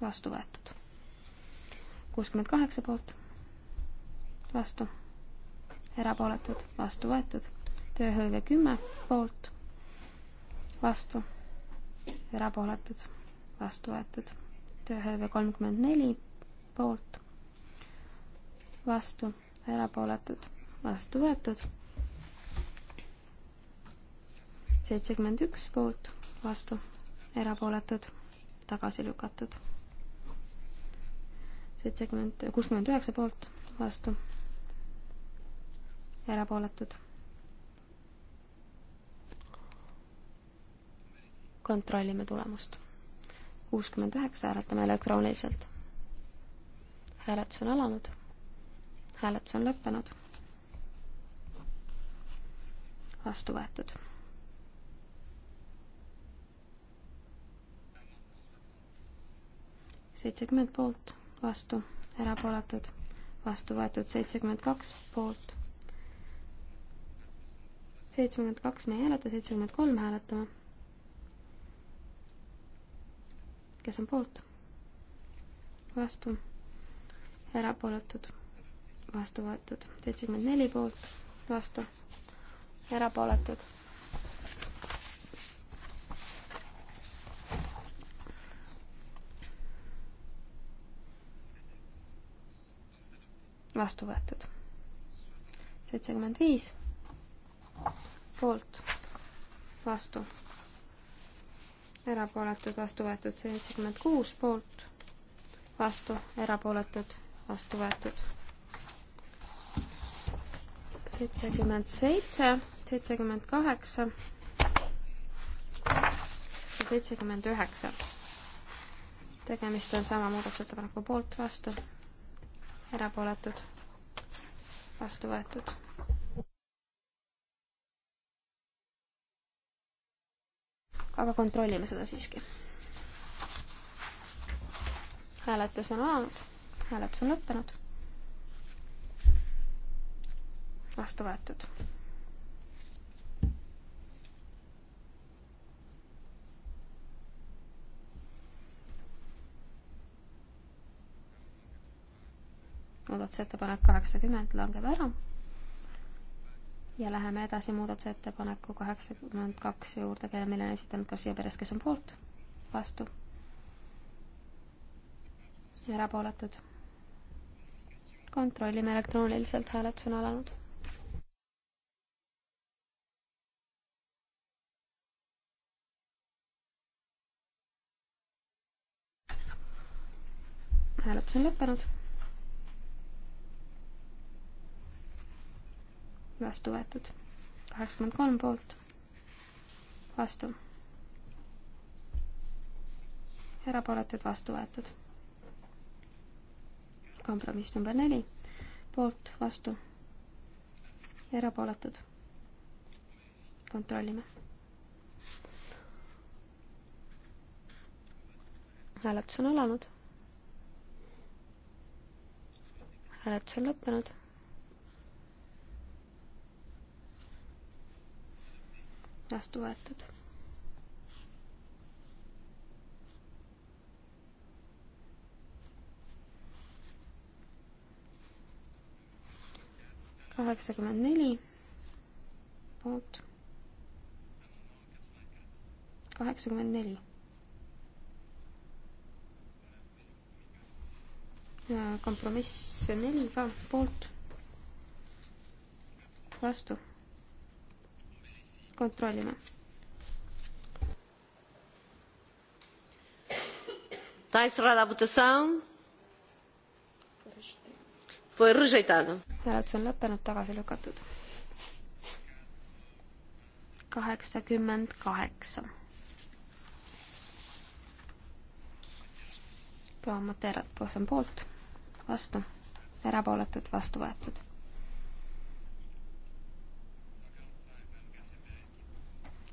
vastu võetud. kuuskümmend kaheksa poolt, vastu, erapooletud, vastu võetud, tööhõive kümme poolt, vastu, erapooletud, vastu võetud, tööhõive kolmkümmend neli poolt vastu, erapooletud, vastu võetud. seitsekümmend üks poolt, vastu, erapooletud, tagasi lükatud. seitsekümmend, kuuskümmend üheksa poolt, vastu, erapooletud. kontrollime tulemust. kuuskümmend üheksa hääletame elektrooniliselt. hääletus on alanud hääletus on lõppenud. vastu võetud. seitsekümmend poolt, vastu, erapooletud, vastu võetud seitsekümmend kaks poolt. seitsekümmend kaks me ei hääleta, seitsekümmend kolm hääletame. kes on poolt? vastu, erapooletud vastu võetud, seitsekümmend neli poolt, vastu, erapooletud. vastu võetud, seitsekümmend viis poolt, vastu, erapooletud, vastu võetud, seitsekümmend kuus poolt, vastu, erapooletud, vastu võetud seitsekümmend seitse, seitsekümmend kaheksa ja seitsekümmend üheksa. tegemist on sama muudatusettepaneku poolt, vastu, erapooletud, vastu võetud. aga kontrollime seda siiski. hääletus on alanud, hääletus on lõppenud vastu võetud. muudatusettepanek kaheksakümmend langeb ära ja läheme edasi muudatusettepaneku kaheksakümmend kaks juurde, kelle meile on esitanud Garcia Perez, kes on poolt, vastu, erapooletud. kontrollime elektrooniliselt, hääletus on alanud hääletus on lõppenud. vastu võetud. kaheksakümmend kolm poolt. vastu. erapooletud, vastu võetud. kompromiss number neli. poolt, vastu. erapooletud. kontrollime. hääletus on alanud hääletus on lõppenud. vastu võetud. kaheksakümmend neli poolt. kaheksakümmend neli kompromiss neli ka poolt, vastu. kontrollime. Está encerrada a votação. Foi rejeitado. hääletus on lõppenud, tagasi lükatud. kaheksakümmend kaheksa. Paamatera, kes on poolt vastu, erapooletud, vastu võetud.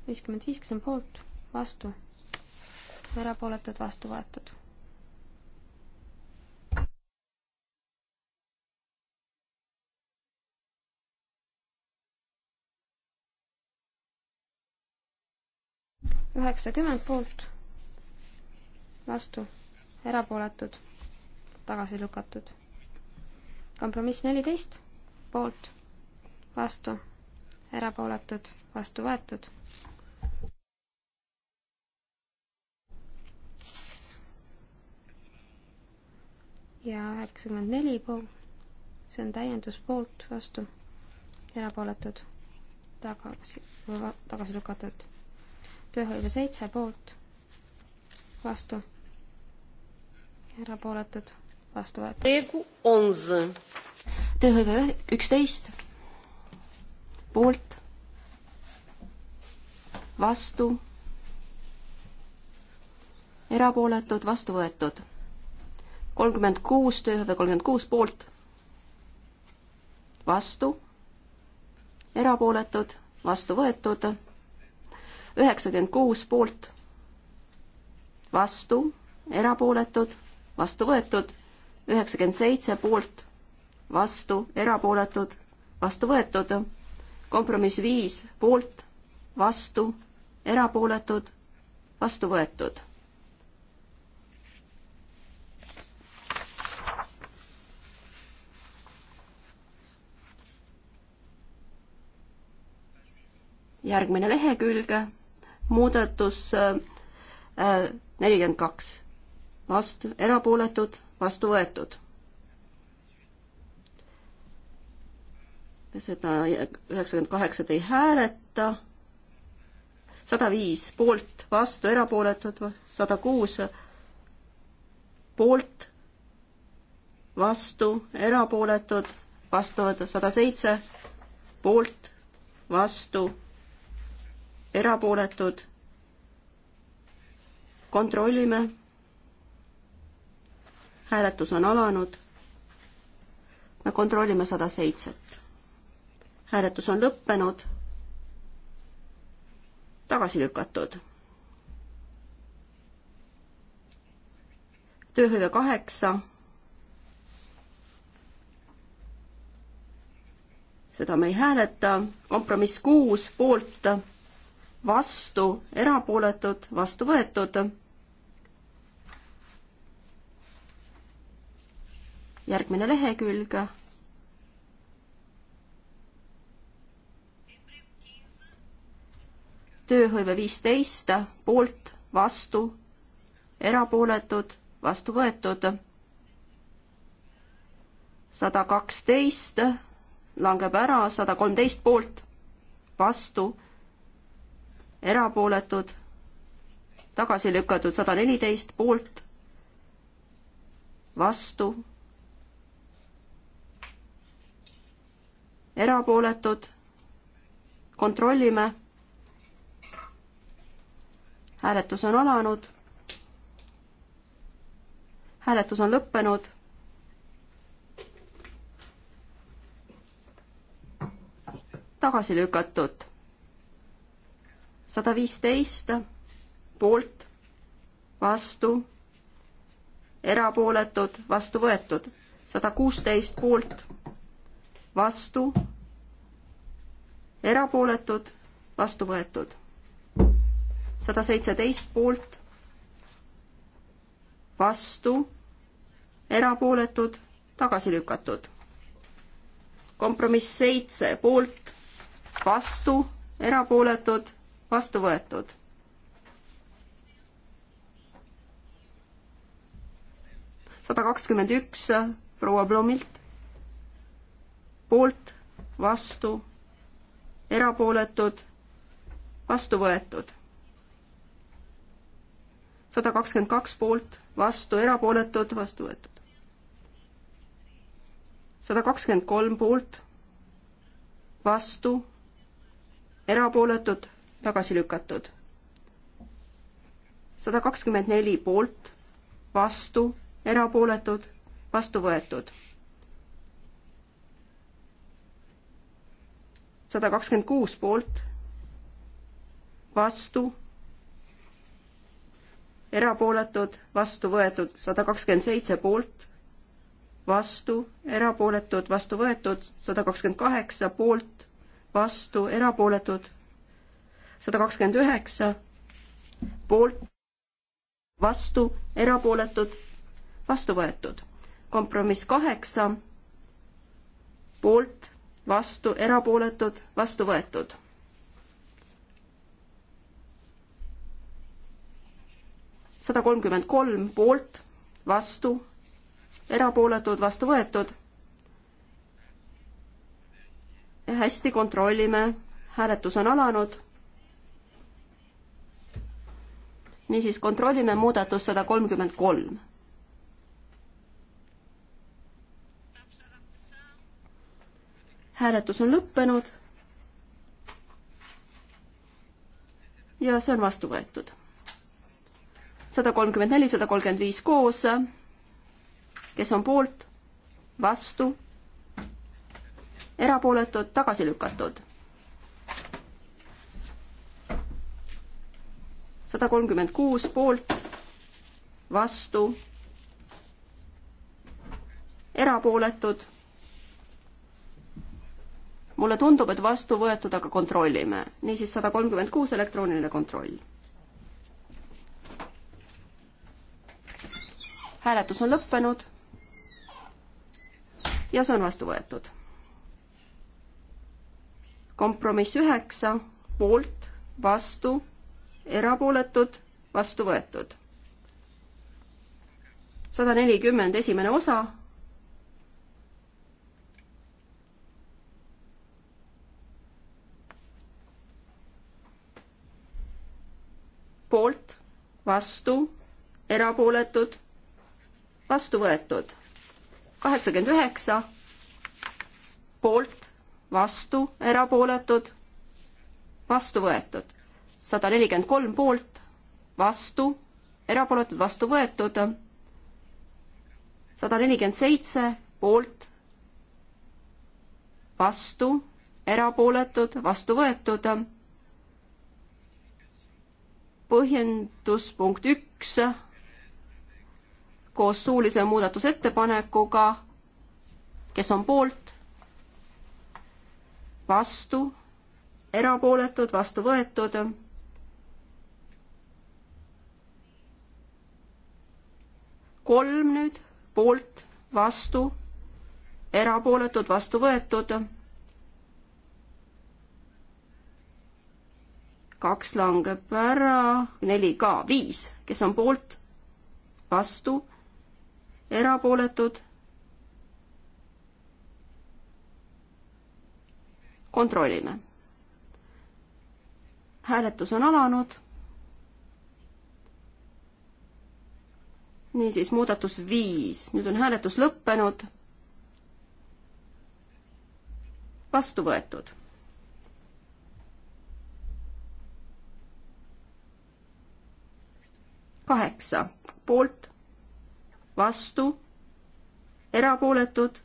viiskümmend viis, kes on poolt, vastu, erapooletud, vastu võetud üheksakümmend poolt, vastu, erapooletud, tagasi lükatud. kompromiss neliteist, poolt, vastu, erapooletud, vastu võetud. ja üheksakümmend neli pool, see on täiendus poolt, vastu, erapooletud, tagasi, tagasi lükatud. tööhõive seitse poolt, vastu, erapooletud vastu võetud. tööhõive üksteist, poolt, vastu, erapooletud, vastu võetud. kolmkümmend kuus, tööhõive kolmkümmend kuus, poolt, vastu, erapooletud, vastu võetud, üheksakümmend kuus poolt, vastu, erapooletud, vastu võetud üheksakümmend seitse poolt, vastu, erapooletud, vastu võetud. kompromiss viis poolt, vastu, erapooletud, vastu võetud. järgmine lehekülg, muudatus äh, äh, nelikümmend kaks, vastu, erapooletud vastu võetud. seda üheksakümmend kaheksat ei hääleta, sada viis poolt, vastu, erapooletud, sada kuus poolt, vastu, erapooletud, vastu võetud, sada seitse poolt, vastu, erapooletud kontrollime hääletus on alanud. me kontrollime sada seitset. hääletus on lõppenud. tagasi lükatud. tööhõive kaheksa. seda me ei hääleta. kompromiss kuus poolt, vastu, erapooletud, vastu võetud järgmine lehekülg. tööhõive viisteist, poolt, vastu, erapooletud, vastu võetud. sada kaksteist langeb ära, sada kolmteist poolt, vastu, erapooletud, tagasi lükatud, sada neliteist poolt, vastu erapooletud, kontrollime. hääletus on alanud. hääletus on lõppenud. tagasi lükatud. sada viisteist poolt, vastu, erapooletud, vastu võetud, sada kuusteist poolt vastu, erapooletud, vastu võetud. sada seitseteist poolt, vastu, erapooletud, tagasi lükatud. kompromiss seitse poolt, vastu, erapooletud, vastu võetud sada kakskümmend üks proua Blomilt poolt, vastu, erapooletud, vastu võetud. sada kakskümmend kaks poolt, vastu, erapooletud, vastu võetud. sada kakskümmend kolm poolt, vastu, erapooletud, tagasi lükatud. sada kakskümmend neli poolt, vastu, erapooletud, vastu võetud sada kakskümmend kuus poolt, vastu, erapooletud, vastu võetud, sada kakskümmend seitse poolt, vastu, erapooletud, vastu võetud, sada kakskümmend kaheksa poolt, vastu, erapooletud, sada kakskümmend üheksa poolt, vastu, erapooletud, vastu võetud. kompromiss kaheksa, poolt vastu, erapooletud, vastu võetud. sada kolmkümmend kolm poolt, vastu, erapooletud, vastu võetud. hästi, kontrollime, hääletus on alanud. niisiis, kontrollime muudatust sada kolmkümmend kolm hääletus on lõppenud. ja see on vastu võetud. sada kolmkümmend neli, sada kolmkümmend viis koos. kes on poolt, vastu, erapooletud, tagasi lükatud. sada kolmkümmend kuus poolt, vastu, erapooletud mulle tundub, et vastu võetud, aga kontrollime. niisiis sada kolmkümmend kuus elektrooniline kontroll. hääletus on lõppenud. ja see on vastu võetud. kompromiss üheksa, poolt, vastu, erapooletud, vastu võetud. sada nelikümmend esimene osa poolt, vastu, erapooletud, vastu võetud. kaheksakümmend üheksa, poolt, vastu, erapooletud, vastu võetud. sada nelikümmend kolm poolt, vastu, erapooletud, vastu võetud. sada nelikümmend seitse poolt, vastu, erapooletud, vastu võetud põhjendus punkt üks koos suulise muudatusettepanekuga, kes on poolt, vastu, erapooletud, vastu võetud kolm nüüd, poolt, vastu, erapooletud, vastu võetud. kaks langeb ära, neli ka, viis, kes on poolt, vastu, erapooletud. kontrollime. hääletus on alanud. niisiis, muudatus viis, nüüd on hääletus lõppenud. vastu võetud kaheksa poolt, vastu, erapooletud,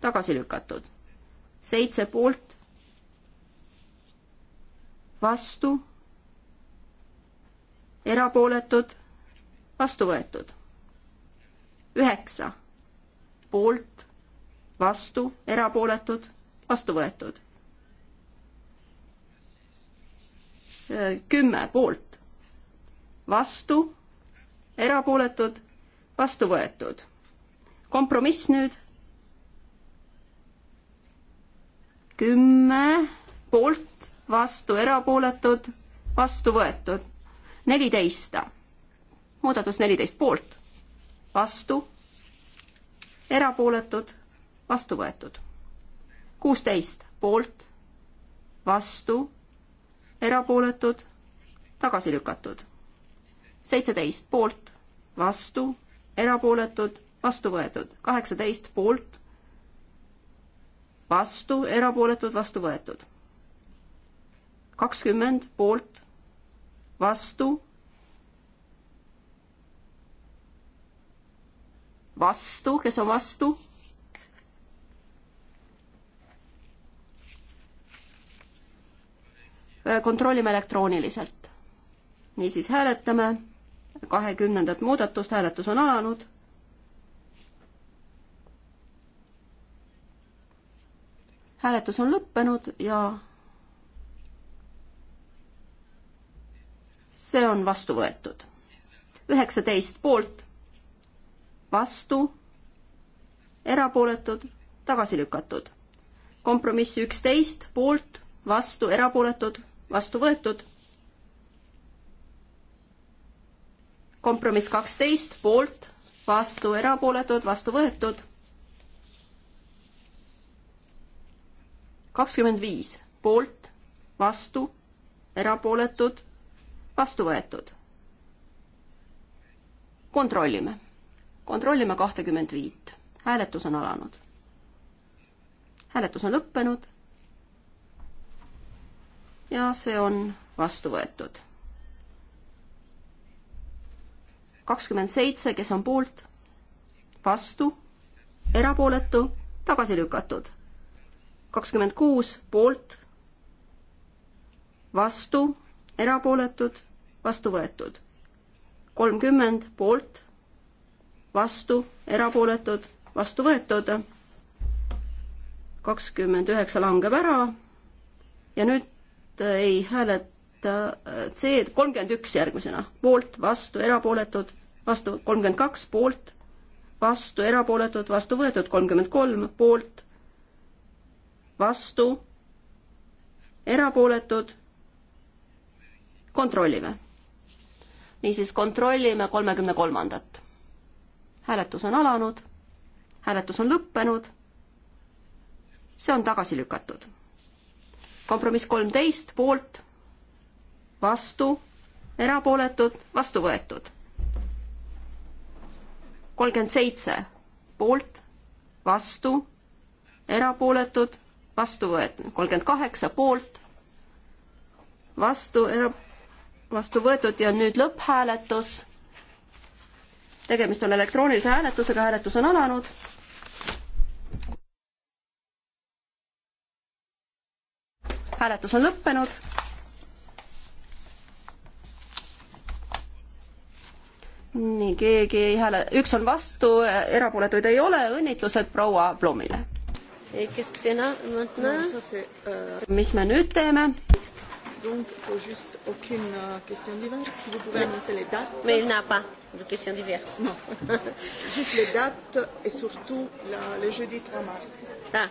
tagasi lükatud. seitse poolt, vastu, erapooletud, vastu võetud. üheksa poolt, vastu, erapooletud, vastu võetud. kümme poolt, vastu erapooletud, vastu võetud. kompromiss nüüd. kümme poolt, vastu erapooletud, vastu võetud. neliteist, muudatus neliteist poolt, vastu, erapooletud, vastu võetud. kuusteist poolt, vastu, erapooletud, tagasi lükatud seitseteist poolt, vastu, erapooletud, vastu võetud, kaheksateist poolt, vastu, erapooletud, vastu võetud. kakskümmend poolt, vastu, vastu, kes on vastu? kontrollime elektrooniliselt. niisiis hääletame kahekümnendat muudatust, hääletus on alanud. hääletus on lõppenud ja see on vastu võetud. üheksateist poolt, vastu, erapooletud, tagasi lükatud. kompromiss üksteist poolt, vastu, erapooletud, vastu võetud kompromiss kaksteist poolt, vastu erapooletud, vastu võetud. kakskümmend viis poolt, vastu, erapooletud, vastu võetud. kontrollime, kontrollime kahtekümmend viit, hääletus on alanud. hääletus on lõppenud. ja see on vastu võetud kakskümmend seitse, kes on poolt, vastu, erapooletu, tagasi lükatud. kakskümmend kuus poolt, vastu, erapooletud, vastu võetud. kolmkümmend poolt, vastu, erapooletud, vastu võetud. kakskümmend üheksa langeb ära ja nüüd äh, ei hääleta äh, C-d kolmkümmend üks järgmisena, poolt, vastu, erapooletud, vastu kolmkümmend kaks poolt, vastu erapooletud, vastu võetud kolmkümmend kolm poolt, vastu erapooletud. kontrollime. niisiis kontrollime kolmekümne kolmandat. hääletus on alanud, hääletus on lõppenud. see on tagasi lükatud. kompromiss kolmteist poolt, vastu, erapooletud, vastu võetud kolmkümmend seitse poolt, vastu, erapooletud, vastu võetud, kolmkümmend kaheksa poolt, vastu, vastu võetud ja nüüd lõpphääletus. tegemist on elektroonilise hääletusega, hääletus on alanud. hääletus on lõppenud nii, keegi ei hääle, üks on vastu, erapooletuid ei ole, õnnitlused proua Blumile. Euh, mis me nüüd teeme? Donc, il faut juste aucune euh, question diverse. Si vous pouvez annoncer les dates. Mais il n'a pas de questions diverses. Non. juste les dates et surtout la, le jeudi 3 mars. Ah.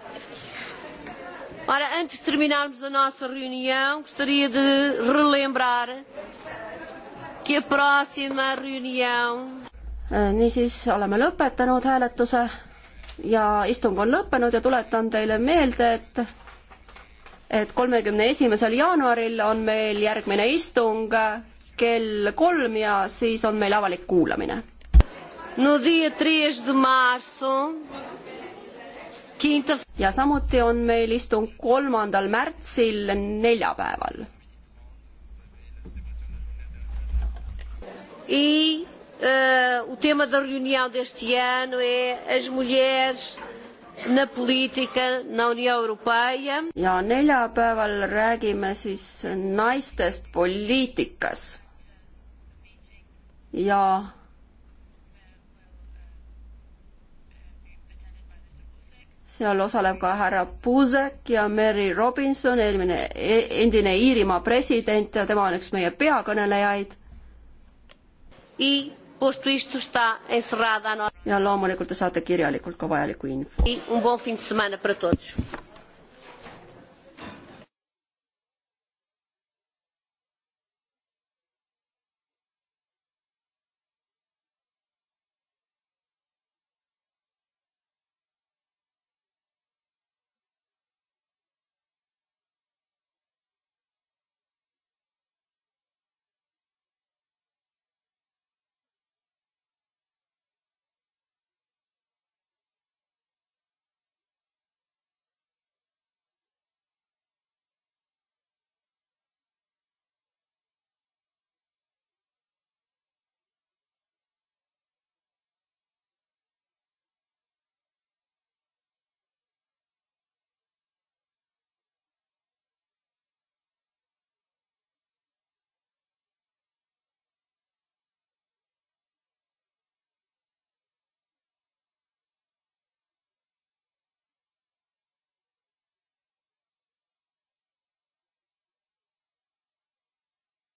Ora, antes de terminarmos a nossa reunião, gostaria de relembrar que a próxima reunião. Äh, niisiis oleme lõpetanud hääletuse ja istung on lõppenud ja tuletan teile meelde, et et kolmekümne esimesel jaanuaril on meil järgmine istung kell kolm ja siis on meil avalik kuulamine. ja samuti on meil istung kolmandal märtsil neljapäeval e uh, o tema da reunião deste ano é as mulheres na poliitika na União Europeia. ja neljapäeval räägime siis naistest poliitikas. ja seal osaleb ka härra Puusek ja Mary Robinson, eelmine, e-, endine Iirimaa president ja tema on üks meie peakõnelejaid I posto isto está encerrada a nossa. ja loomulikult te saate kirjalikult ka vajaliku info. Un bom fim de semana para todos.